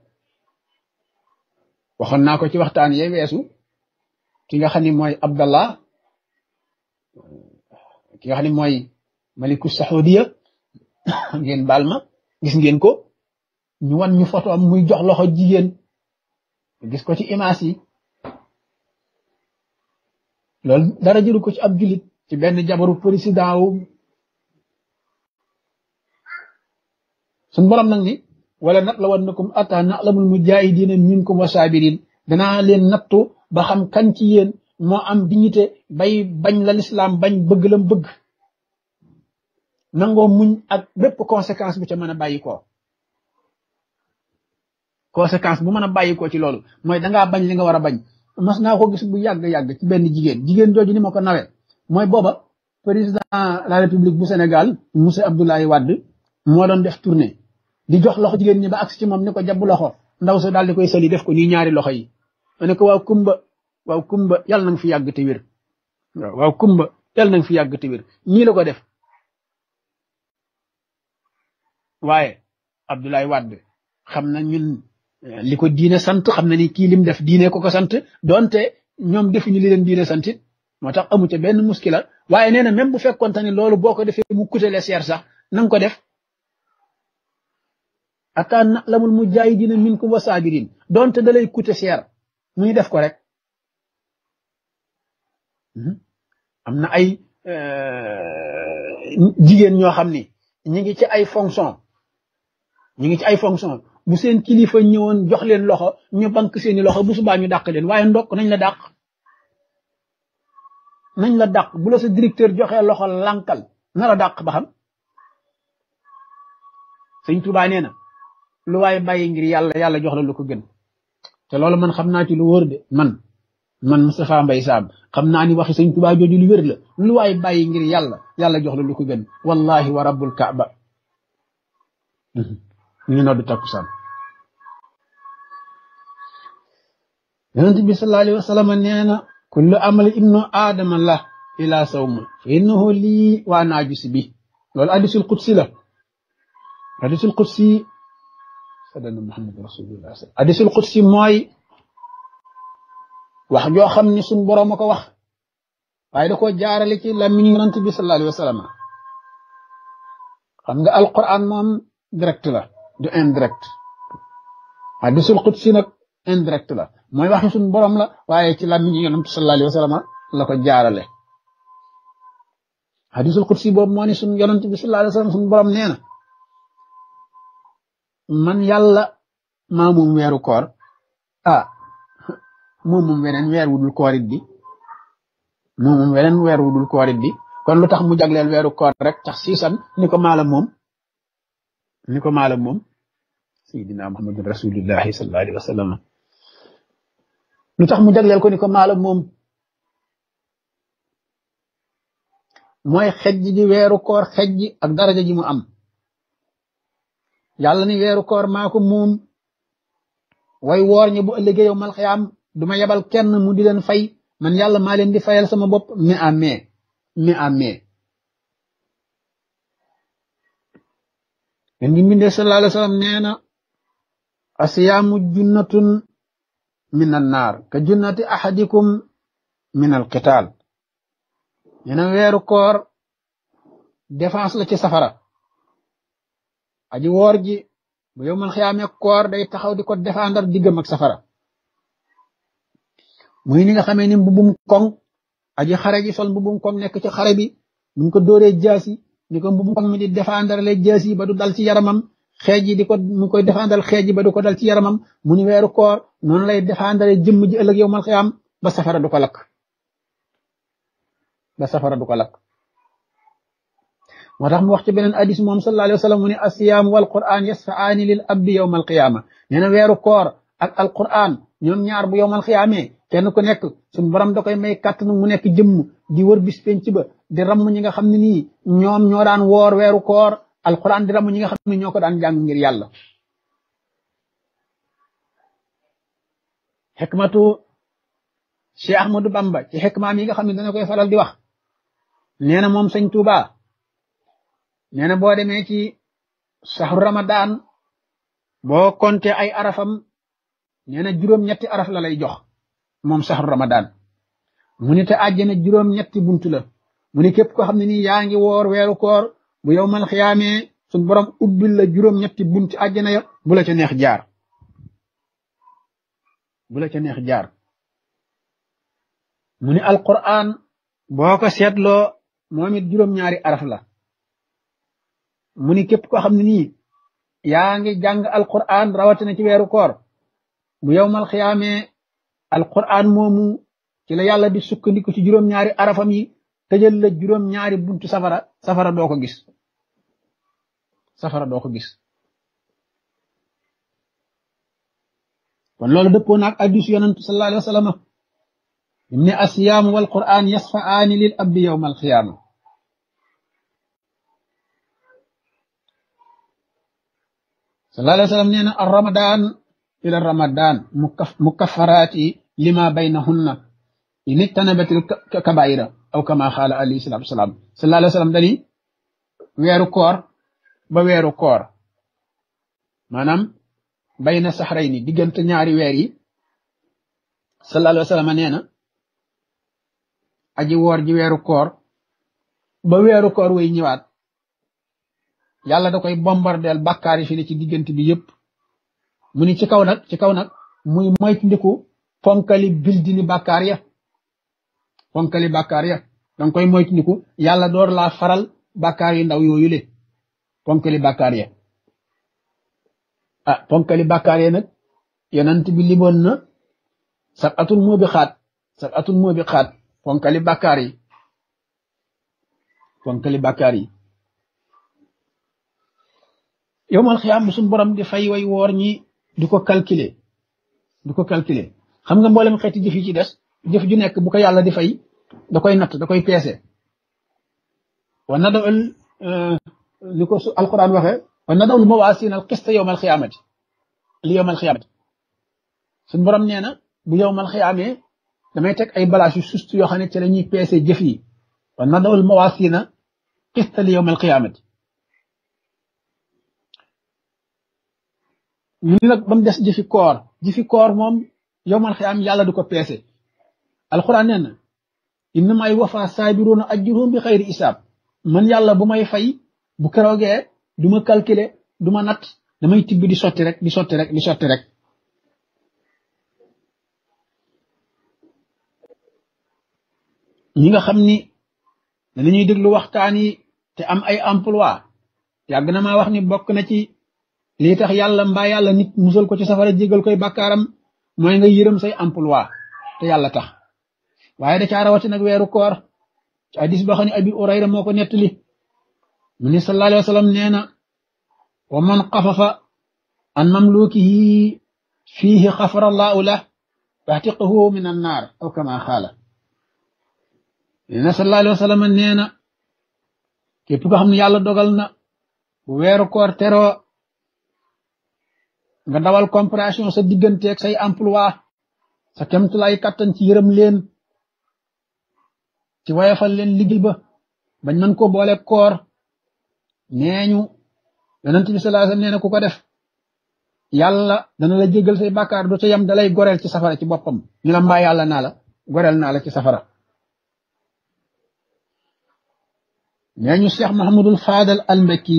waxoon naa ko ci waxtaan ye weesu ki nga xam ni mooy abdallah ki nga xam ni mooy maliku <coughs> ngeen baal gis ngeen ko ñu wan ñu photo am muy jox loxo jigéen gis ko ci image yi lol dara jëlu ko ci ab julit ci benn jabaru presidentu sun borom nak ni wala nat la wonnakum ata na'lamul mujahidin minkum wasabirin dana len nattu ba xam kan ci yeen mo am dignité bay bañ la l'islam bañ bëgg lam bëgg nango muñ ak bépp conséquence bu ci mën bayiko conséquence bu mën bayiko ci lolu moy da nga bañ li nga wara bañ mas naa ko gis bu yag yag ci jigen jigen jigen jooju ni ma nawé moy boba président la république bu sénégal monsieur abdoulaye wad mo don def tourner di jox loxo jigen ni ba agsi ci mom ni ko jabb loxo ndaw so dal di koy seli def ko ni ñaari loxo yi ma ko waw kumba waw kumba yal na fi yag te wir waw kumba yal na fi yag te wir ni la def waaye abdoulaye wad xamna ñun li ko diine sant xam na ni kii lim def diine ko ko sant donte ñoom defuñu li leen diine sant moo tax amu ca benn muskila waaye nee na même bu fekkonte ni loolu boo ko defee mu kutale seer sax na ko def ataa mu mujaahidiina minkum wa saabiriin donte da lay kute seer muy def ko rek hmm? am na ay euh, jigéen ñoo xam ni ñi ngi ci ay fonction ñi ngi ci ay fonction bu seen kilifa ñëwoon jox leen loxo ñu bank seeni loxo bu suba ñu dàq leen waaye ndokk nañ la dàq nañ la dàq bu la sa directeur joxee loxo lankal na la dàq ba xam sëñ tuba nee na lu waaye bàyyi ngir yàlla yàlla jox la lu ko gën te loolu man xam naa ci lu wër de man man Mustafa mbay Sam xam naa ni waxi sëñ tuba jooju lu wér la lu waay bàyyi ngir yàlla yàlla jox la lu ko gën wallahi wa rabbul kaaba <laughs> ñu noddu yonent bi sallallahu alayhi wa sallam nee na kullu amali ibnu aadama la ila sawmun fa innahu lii waa naajus bi loolu hadisul qudsi la hadisul qudsi sadana muhammad rasulullah hadisul qudsi mooy wax joo xam ni sun borom ko wax waaye da koo jaarale ci làmmiñu yonent bi sallallahu alayhi wa xam nga alquran moom direct la du indirect hadisul qudsi nag indirect la mooy waxi suñu borom la waaye ci làmmiñu yonent sallallahu alayhi wa sallam la ko jaarale hadisul kursi boobu moo ni suñu yonent bi sallallahu alayhi wa suñu borom nee man yàlla maa moom weeru koor ah moom moom weneen weer wudul koorit bi moom moom weneen weer wudul koorit bi kon lu tax mu jagleel weeru koor rek tax siisan ni ko maala moom ni ko maala moom sayyidina muhammadun rasulillahi sallallahu alayhi wa sallam lu tax mu jagleel ko ni ko maala moom mooy xejj gi weeru koor xejj ak daraja ji mu am yàlla ni weeru koor maa ko moom way woor ñi bu ëllëgee yow mal xiyaam du ma yebal kenn mu di leen fay man yàlla maa leen di fayal sama bopp mi amee mi amee len di mbindee sallallahu alayhi wa sallam nee na asiyaamu junnatun من النار كجنة أحدكم من القتال ينا ويرو كور défense la ci safara aji woor ji bu yowmal xiyaame koor day taxaw di ko défendre diggam ak safara muy ni nga xamee ni mbubum koŋ aji xare ji sol mbubum koŋ nekk ci xare bi buñ ko dóoree jaasi ni ko mbubum koŋ mi di défendre le jaasi ba du dal ci yaramam xeej yi di ko mu koy défendre xeej yi ba du ko dal ci yaramam mu ni weeru koor non lay defandale jëm ji ëlëk yowmal xiyam ba safara du ko lak ba safara du ko lakk motax mu wax ci benen hadith mom sallallahu alayhi wasallam ni asiyam wal qur'an yasfa'ani lil abdi yawm al qiyamah neena wéru koor ak al qur'an ñom ñaar bu yowmal al kenn ku nekk sun borom da koy may kat mu nekk jëm di wër bis penc ba di ram ñi nga xamni ni ñom ñoo daan wor wéru koor al qur'an di ram ñi nga xamni ñoko daan jang ngir yalla hikmatu cheikh ahmadou bamba ci hikma mi nga xamni dana koy faral di wax neena mom seigne touba neena bo demé ci sahur ramadan bo konté ay arafam neena jurum ñetti araf la lay jox mom sahur ramadan Muni ni te àjjana juróom-ñetti buntu la muni ni képp koo xam ne nii yaa koor bu yowmal khiyamé sun borom ubbil la juróom-ñetti bunti aljana ya bu la ca neex jaar bu la ca neex jaar mu ni alquran boo ko seetloo moom it juróom-ñaari araf la mu ni képp koo xam ne nii yaa ngi jàng alquran rawatina ci weeru koor bu yowmal xiyaamee alquran moomu ci la yàlla di sukkandiku ci juróom-ñaari arafam yi tëjal la juróom-ñaari buntu safara safara doo ko gis safara doo gis kon loolu dëppoon ak addis yonentu sallallahu alayhi wa sallam im ne asiyaamu wal qur'an yasfaani lil abdi yawma al qiyaama sallallahu alayhi wa sallam nee na ar ramadan ila ramadan mukaffaraati lima baynahunna in ijtanabat al kabaira aw kama xaala alayhi salatu wasalaam sallallahu alayhi wa sallam dani weeru koor ba weeru koor maanaam bay na saxray ni diggante ñaari weer yi sallallahu alayhi wa sallam nee na aji woor ji weeru koor ba weeru koor way ñëwaat yàlla da koy bombardeel bàkkaar yi fi ne ci diggante bi yëpp mu ni ci kaw nag ci kaw nag muy moytandiku ponkali bildini bàkkaar ya ponkali bàkkaar ya danga koy moytandiku yàlla door laa faral bàkkaar yu ndaw yooyu le ponkali bàkkaar ya ah ponkali bàkkaar yee nag yonent bi limoon na sax atul moo bi xaat moo bi xaat ponkali bàkkaar yi ponkali bàkkaar yi yowmal xiyaam suñu borom di fay way woor ñi du ko calculer du ko calculer xam nga mboolem xeeti jëf yi ci des jëf ju nekk bu ko yàlla di fay da koy natt da koy peese wa nadaul ni euh, ko su alquran waxe wana daw mawasina al qist yawm al qiyamati li yawm al qiyamati sun borom neena bu yawm al qiyamé damay tek ay balage yu sustu yo xamné ci lañuy péssé jëf yi wana daw mawasina qist li yawm al qiyamati ñu nak bam dess jëfi koor jëfi koor mom yawm al qiyam yalla du ko péssé al qur'an neena innama yuwaffa sabiruna ajruhum bi khayri hisab man yalla bu may fay bu kérogé duma calculer duma nat damay tibbi di soti rek di soti rek di soti rek ñi nga xamni ni dañuy deglu waxtaan yi te am ay emploi yàgg na maa wax ni bokk na ci li tax yàlla mbaa yàlla nit musal ko ci safara jégal koy bàkkaaram mooy nga yërëm say emploi te yàlla tax waaye da caa rawati nag weeru koor ci ba xam abi urayra moo ko mu ni sallallahu alayhi wa nee na wa man xafafa an mamlukihi fiihi xafara llahu lah waxtiqahu min an naar aw kama xaala nee na sallallahu alayhi wa sallam nee yàlla dogal na bu weeru koor teroo nga dawal compréhension sa digganteeg say emploi sa kemtulay kattan ci yërëm leen ci wayafal leen liggéey ba bañ mën ko boole koor nee ñu yonent bi sallallahu nee na ku ko def yàlla dana la jéggal say bàkkaar du ca yam dalay goreel ci safara ci boppam ñu la mbaa yàlla naa la goreel naa la ci safara nee ñu cheikh mahamadul fadal almbekki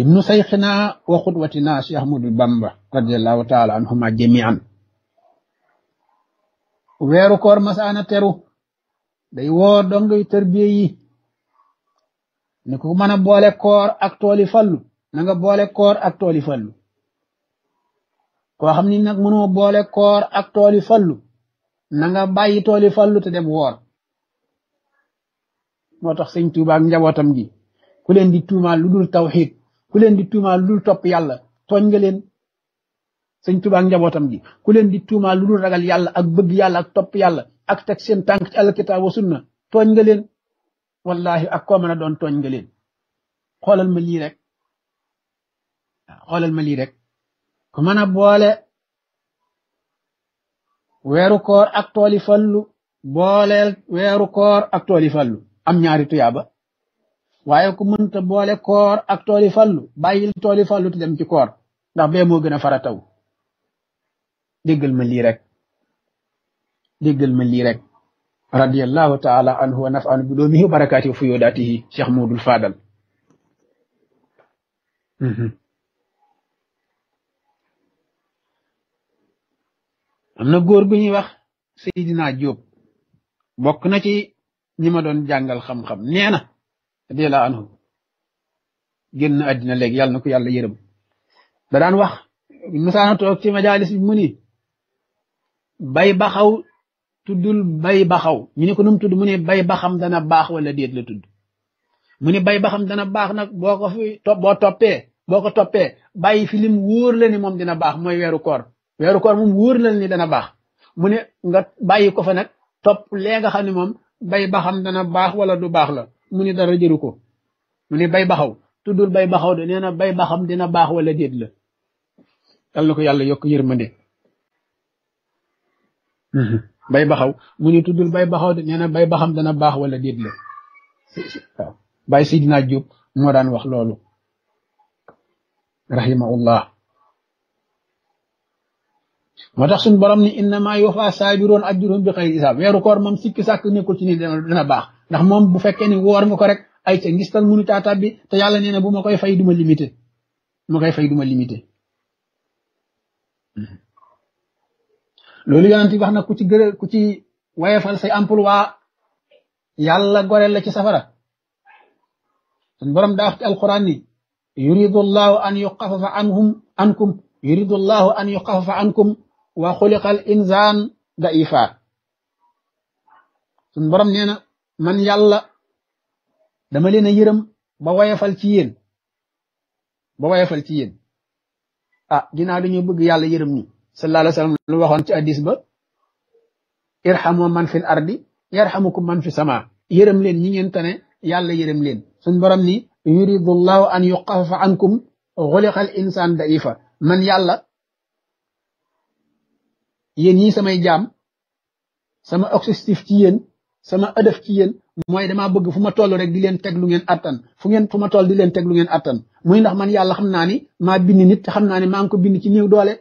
ibnu sayxina wa xudwatina cheikh ahmadul bamba radiallahu taala anhuma jamian weeru koor masaana teru day woo dongoy tërbiye yi ne ku a boole koor ak tooli fallu na nga boole koor ak tooli fallu koo xam ni nag mënoo boole koor ak tooli fallu na nga bàyyi tooli fallu te dem woor moo tax sëñ Tuuba ak njabootam gi ku leen di tuumaal lu dul tawxiid ku leen di tuumaal lu dul topp yàlla tooñ nga leen sëñ Tuuba ak njabootam gi ku leen di tuumaal lu dul ragal yàlla ak bëgg yàlla ak topp yàlla ak teg seen tànk ci alkitaab tooñ nga wallahi ak ko man a doon tooñ nga leen xoolal ma lii rek xoolal ma lii rek ku mën a boole weeru koor ak tooli fallu booleel weeru koor ak tooli fallu am ñaari tuyaaba waaye ku mënta boole koor ak tooli fallu bàyyil tooli fallu te dem ci koor ndax bee moo gën a farataw déggal ma lii rek déggal ma lii rek radiyallahu taala a wa naf'anu bi doomihi wa barakaati wa fuyoodaatihi Cheikh Moudou Fadal mhm. am na góor gu ñuy wax Seydina Diop bokk na ci ñi ma doon jàngal xam-xam nee na radiyallahu anhu génn àddina léegi yàlla na ko yàlla yërëm da daan wax musaana toog ci majaalis mu ni bay baxaw tuddul bay baxaw ñu ne ko nu mu tudd mu ne bay baxam dana baax wala déet la tudd mu ne bay baxam dana baax nag boo ko fi to boo toppee boo ko toppee bàyyi fi lim wóor la ni moom dina baax mooy weeru koor weeru koor moom wóor la ni dana baax mu ne nga bàyyi ko fa nag topp lee nga xam ne moom bay baxam dana baax wala du baax la mu ne dara jëru ko mu ne bay baxaw tuddul bay baxaw de nee na bay baxam dina baax wala déet la yal na ko yàlla yokk yërmande mhm. bay baxaw mu ñu tuddul bay baxaw de neena bay baxam dana baax wala déet la bay sidina djub mo daan wax lolu rahimahullah moo tax suñ borom ni inna ma yufa saabiroon ajrun bi xëy isaab weru koor mom sikki sàkk nekkul ci ni dana baax ndax mom bu fekke ni wor nga ko rek ay ca ngistal munu ta tabbi te yàlla neena buma koy fay duma limité mu koy fay duma limité loolu yonent bi wax na ku ci gërë ku ci wayefal say emploi yàlla goreel la ci safara sun borom daa wax ci alquran ni yuridu llahu an yuxafafa anhum ankum yuridu llahu an yuxafafa ankum wa xuliqa al daifa sun borom nee na man yàlla dama leen a yërëm ba wayefal ci yéen ba wayefal ci yéen ah ginnaaw dañoo bëgg yàlla yërëm ni sallallahu alayhi wa lu waxoon ci addis ba irhamu man fil ardi yarhamukum man fi sama yërëm leen ñi ngeen tane yàlla yërëm leen suñ borom ni yuridullahu an yuqafa ankum xuliqal insaan daifa man yàlla yéen ñii samay jaam sama objectif ci yéen sama ëdëf ci yéen mooy damaa bëgg fu ma toll rek di leen teg lu ngeen attan fu ngeen fu ma toll di leen teglu ngeen attan muy ndax man yàlla xam naa ni maa bind nit xam naa ni maa ngi ko bind ci néew doole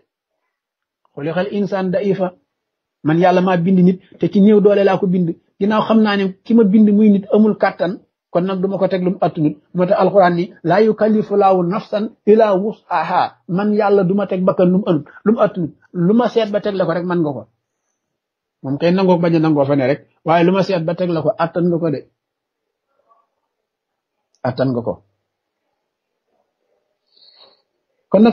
xuliqal insaan daifa man yàlla maa bind nit te ci ñëw doole laa ko bind ginnaaw xam naa ne ki ma bind muy nit amul kàttan kon nag du ma ko teg lu mu attunut moo tax alxuraan ni laa yukallifu laahu nafsan ila wusaha man yàlla duma teg bakkan lu mu ënut lu ma seet ba teg la ko rek man nga ko moom kay nangoo bañ nangoo fa rek waaye lu ma seet ba teg la ko attan nga ko de attan nga ko kon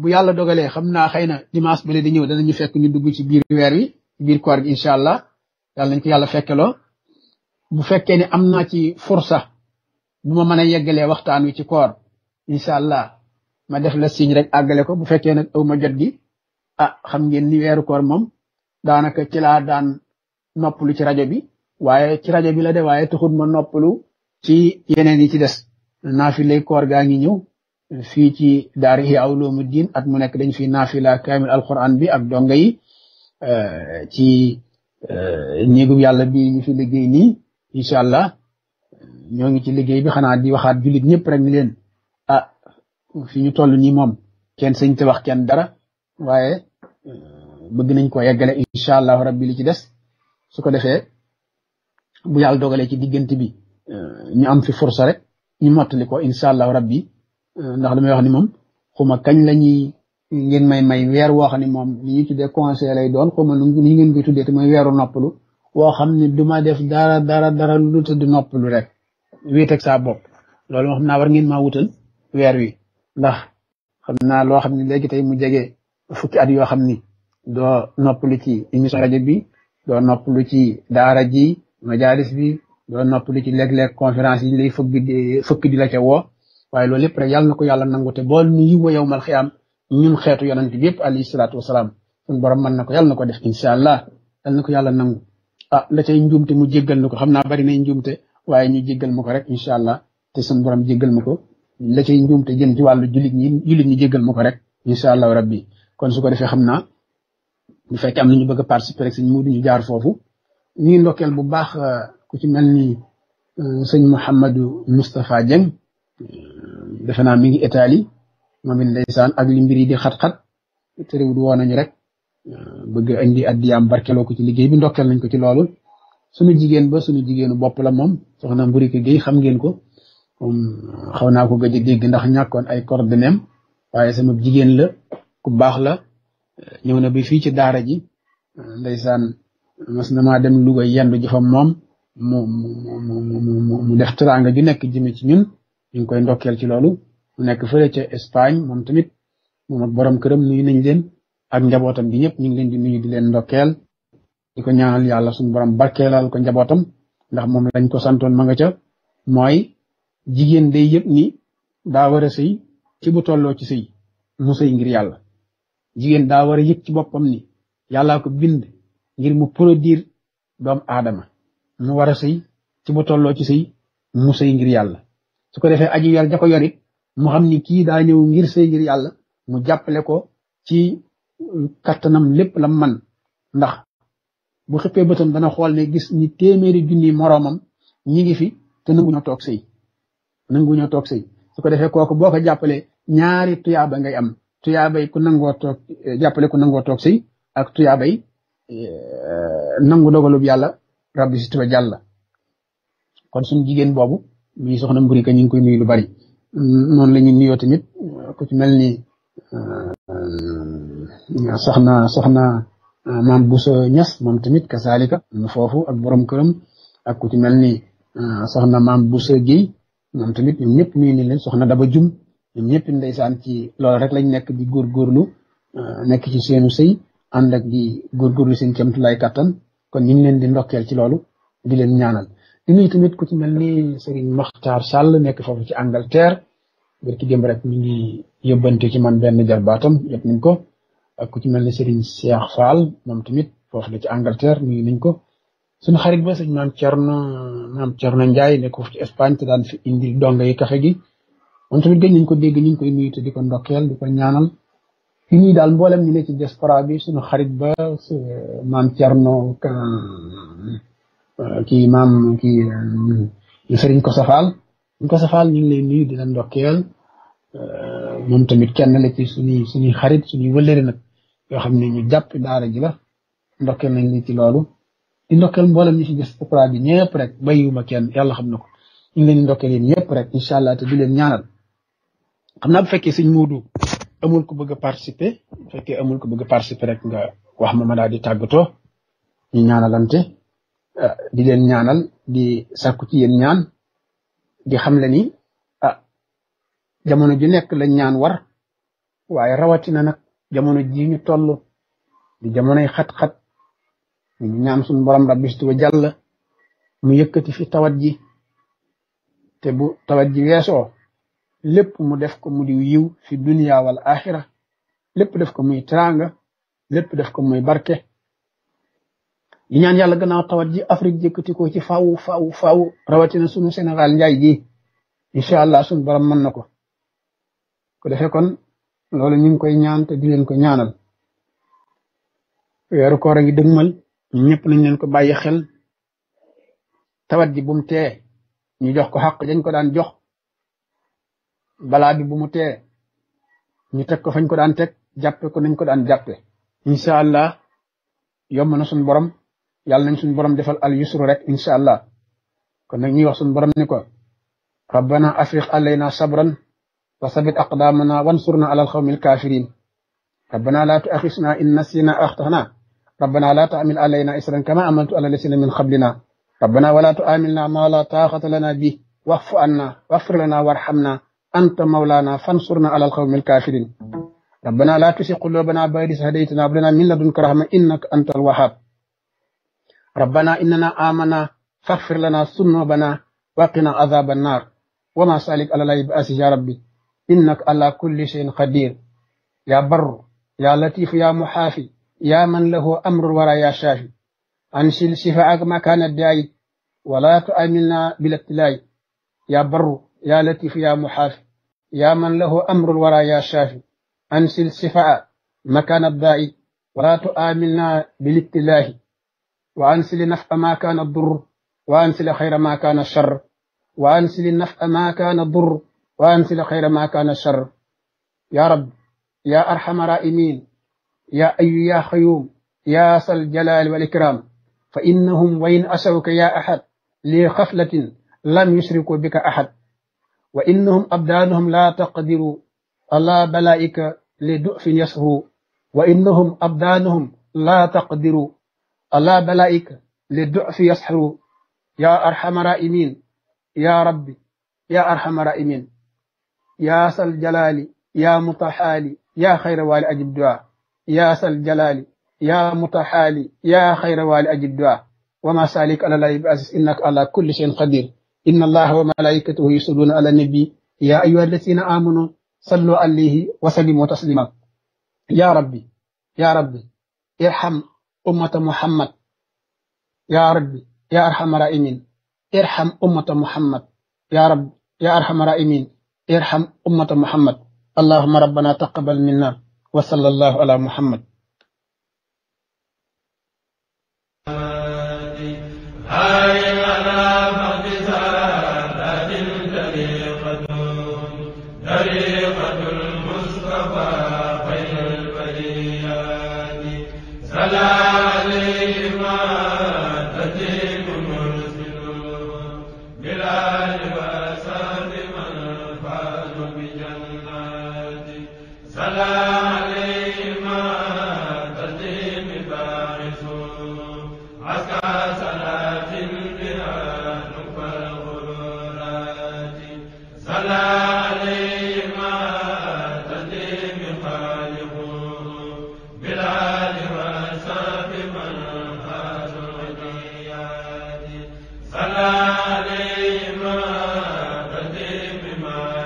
bu yàlla dogalee xam naa xëy na dimanche bële di ñëw danañu fekk ñu dugg ci biir weer wi biir koor gi incha allah yàlla nañ ko yàlla fekkee loo bu fekkee ne am naa ci fursa bu ma mën a yeggalee waxtaan wi ci koor incha allah ma def la signe rek àggale ko bu fekkee nag aw ma jot gi ah xam ngeen ni weeru koor moom daanaka ci laa daan noppalu ci rajo bi waaye ci rajo bi la de waaye taxul ma noppalu ci yeneen yi ci des naa fi lay koor gaa ngi ñëw fii ci daari Ihya din at mu nekk dañ fi naafila al alquran bi ak donga yi eh, ci eh, néegub yàlla bi ñu fi liggéey nii incha allah ñoo ngi ci liggéey bi xanaa di waxaat jullit ñëpp rek ni leen ah fi ñu toll ni moom kenn sëñ te wax kenn dara waaye eh, bëgg nañ ko yeggale incha allah rabbi li ci des su ko defee bu yàlla dogalee ci diggante bi ñu am fi forsa rek ñu mottali ko incha allah rabbi Euh, ndax damay wax ni moom xuma kañ la ñuy ngeen may may weer woo xam ne moom li ñu tuddee conseil lay doon xuma lu ni ngeen koy tuddee te mooy noppalu woo xam ne du ma def dara dara dara lu tudd noppalu rek wéet ak saa bopp loolu xam naa war ngeen maa wutal weer wi ndax xam naa loo xam ne léegi tey mu jege fukki at yoo xam ni doo lu ci émission rajo bi doo noppalu ci daara ji majalis bi doo noppalu ci lek léeg conférence yi lay fëgg di fëkk la ca woo waaye loolu lépp rek yàlla na ko yàlla nangu te bool nu yiwa yow mal ñun xeetu yonent bi yépp alayhi salaatu wasalaam sun borom mën na ko yàlla na def allah yàlla na ko nangu ah la cay njuumte mu jéggal na ko xam naa bari nay njuumte waaye ñu jéggal ma ko rek incha allah te sun borom jéggal ma ko la cay njuumte jëm ci wàllu julit ñi julit ñi jéggal ma rek allah rabbi kon su ko defee xam naa bu fekkee am ñu bëgg a participer rek sëñ Muudu ñu jaar foofu bu baax ku ci mel ni euh, sëñ Mouhamadou Moustapha Dieng defe naa mi ngi Italie moom it ndeysaan ak li yi di xat-xat terewul woo nañu rek euh, bëgg indi addiyaam barkeloo ko ci liggéey bi ndokkeel nañ ko ci loolu suñu jigéen ba suñu jigéenu bopp la moom soxna Mbourika xam ngeen ko euh, xaw naa ko gëj ndax ñàkkoon ay coordonnées waaye sama jigéen la ku baax la ñëw na bi fii ci daara ji euh, ndeysaan mas na ma dem Louga yendu ji fa moom mu mu mu mu def teraanga ju nekk jëme ci ñun ñu koy ndokkeel ci loolu nekk fële ca Espagne moom tamit moom ak borom këram nuyu nañ leen ak njabootam bi ñëpp ñu ngi leen di nuyu di leen ndokkeel di ko ñaanal yàlla suñu borom barkeelal ko njabootam ndax moom lañ ko santoon ma nga ca mooy jigéen day yëpp ni daa war a sëy ci bu tolloo ci sëy mu sëy ngir yàlla jigéen daa war a yëg ci boppam ni yàllaa ko bind ngir mu produire doom aadama mu war a sëy ci bu tolloo ci sëy mu sëy ngir yàlla su ko defee aji yor ja ko yorit mu xam ni kii daa ñëw ngir sëy ngir yàlla mu jàppale ko ci euh, kattanam lépp la man ndax bu xëppee bëtam dana xool ne gis ni téeméeri junni moroomam ñi ngi fi te nanguñoo toog sëy nanguñoo toog sëy su ko defee kooku boo ko jàppalee ñaari tuyaaba ngay am tuyaabay ku nangoo toog euh, jàppale ku nangoo toog sëy ak tuyaabay euh, nangu dogalub yàlla rabbi si jàlla kon suñu jigéen boobu muy soxna mburi ka ñu ngi koy nuyu lu bari noonu la ñuy nuyoo tamit ku ci mel ni euh, euh, soxna soxna euh, maam Bousso Niass moom tamit kasaalika nu foofu ak borom këram ak ku ci mel ni soxna maam Bousso Guèye moom tamit ñoom ñëpp nuyu nañ leen soxna Daba Jum ñoom ñëpp ndeysaan ci loolu rek lañ nekk di góorlu nekk ci seenu sëy ànd ak di góorgóorlu seen kéemtulaay kattan kon ñu ngi leen di ndokkeel ci loolu di leen ñaanal. di nuyu tamit ku ci melni Serigne Makhtar Sall nek fofu ci Angleterre ki dem rek mi ngi yóbbante ci man benn jarbaatam yëpp nañ ko ak ku ci melni Serigne Cheikh Fall mom tamit fofu la ci Angleterre mi nañ ko suñu xarit ba serigne mam Thierno mam Thierno ndjay nek fofu ci Espagne daan fi indi donga yi kafe gi moom tamit gën nañ ko dégg ñu ngi koy nuyu te diko ndokkel diko ñaanal fi ñuy daal mbolam ñu ne ci diaspora bi suñu xarit ba mam maam kan Eh, kii maam kii eh, ko Kosa ñu ko Fall ñu ngi lay nuyu di la ndokkeel eh, moom tamit kenn la ci suñu suñu xarit suñu wëllëre nag yoo xam ne ñu jàpp daara ji la ndokkeel nañ li ci loolu di ndokkeel mboolem ñu ci gis opera bi ñëpp rek bàyyiwuma kenn yàlla xam na ko ñu ngi leen di ndokkeel yéen ñëpp rek incha allah te di leen ñaanal xam naa bu fekkee sëñ Moodu amul ko bëgg a participer bu fekkee amul ko bëgg a participer rek nga wax ma ma daal di tàggatoo ñu ñaanalante Euh, di leen ñaanal di sàkku ci yéen ñaan di xam le ni ah jamono ju nekk la ñaan war waaye rawatina nag jamono ji ñu toll di jamonoy xat-xat ñu ñaan suñu borom rabbi wa jàll mu yëkkati fi tawat ji te bu tawat ji weesoo lépp mu def ko mu diw yiw fi dunya wal axira lépp def ko muy teraanga lépp def ko muy barke di ñaan yàlla gannaaw tawat ji Afrique jëkkati ko ci faw faaw faaw rawatina sunu Sénégal njaay gi incha allah sunu borom mën na ko ko defee kon loolu ñu koy ñaan te di ko ñaanal weeru ko a ngi dëgmal ñëpp nañ leen ko bàyyi xel tawat ji bu mu tee jox ko xàq dañ ko daan jox balaa bi bu mu tee ñu teg ko fañ ko daan teg jàppe ko nañ ko daan jàppe incha allah yomb na suñu borom yàlla nañ suñu borom defal al yusru rek incha allah kon nag ñuy wax suñu borom ni ko rabbana afriq alayna sabran wa sabit aqdamana wansurna ala alqawmi alkafirin ربنا لا تؤاخذنا إن نسينا أخطأنا ربنا لا تعمل علينا إسرا كما عملت على الذين من قبلنا ربنا ولا تؤاملنا ما لا طاقة لنا به واعف عنا واغفر لنا وارحمنا أنت مولانا فانصرنا على القوم الكافرين ربنا لا تسق قلوبنا بعد إذ هديتنا وهب لنا من لدنك رحمة إنك أنت الوهاب ربنا إننا آمنا فاغفر لنا ذنوبنا وقنا عذاب النار وما سألك على الله بأس يا ربي إنك على كل شيء قدير يا بر يا لطيف يا محافي يا من له أمر ورا يا شافي أنشل شفاعك مكان الداعي ولا بلا التلاي يا بر يا لطيف يا محافي يا من له أمر الورى يا شافي أنشل شفاء مكان الداعي ولا بلا بالابتلاء وأنسل نفع ما كان الضر وأنسل خير ما كان الشر وأنسل نفع ما كان الضر وأنسل خير ما كان الشر يا رب يا أرحم الراحمين يا أي يا خيوم يا ذا الجلال والإكرام فإنهم وإن أسوك يا أحد لخفلة لم يشركوا بك أحد وإنهم أبدانهم لا تقدر على بلائك لدؤف يسهو وإنهم أبدانهم لا تقدر الله بلائك للضعف يسحر يا أرحم رائمين يا ربي يا أرحم رائمين يا سل جلالي يا متحالي يا خير والي أجب دعاء يا سل جلالي يا متحالي يا خير والي أجب دعاء وما سالك على الله بأسس إنك على كل شيء قدير إن الله وملائكته يصلون على النبي يا أيها الذين آمنوا صلوا عليه وسلموا تسليما يا ربي يا ربي ارحم أمة محمد يا رب يا أرحم الراحمين ارحم أمة محمد يا رب يا أرحم الراحمين ارحم أمة محمد اللهم ربنا تقبل منا وصلى الله على محمد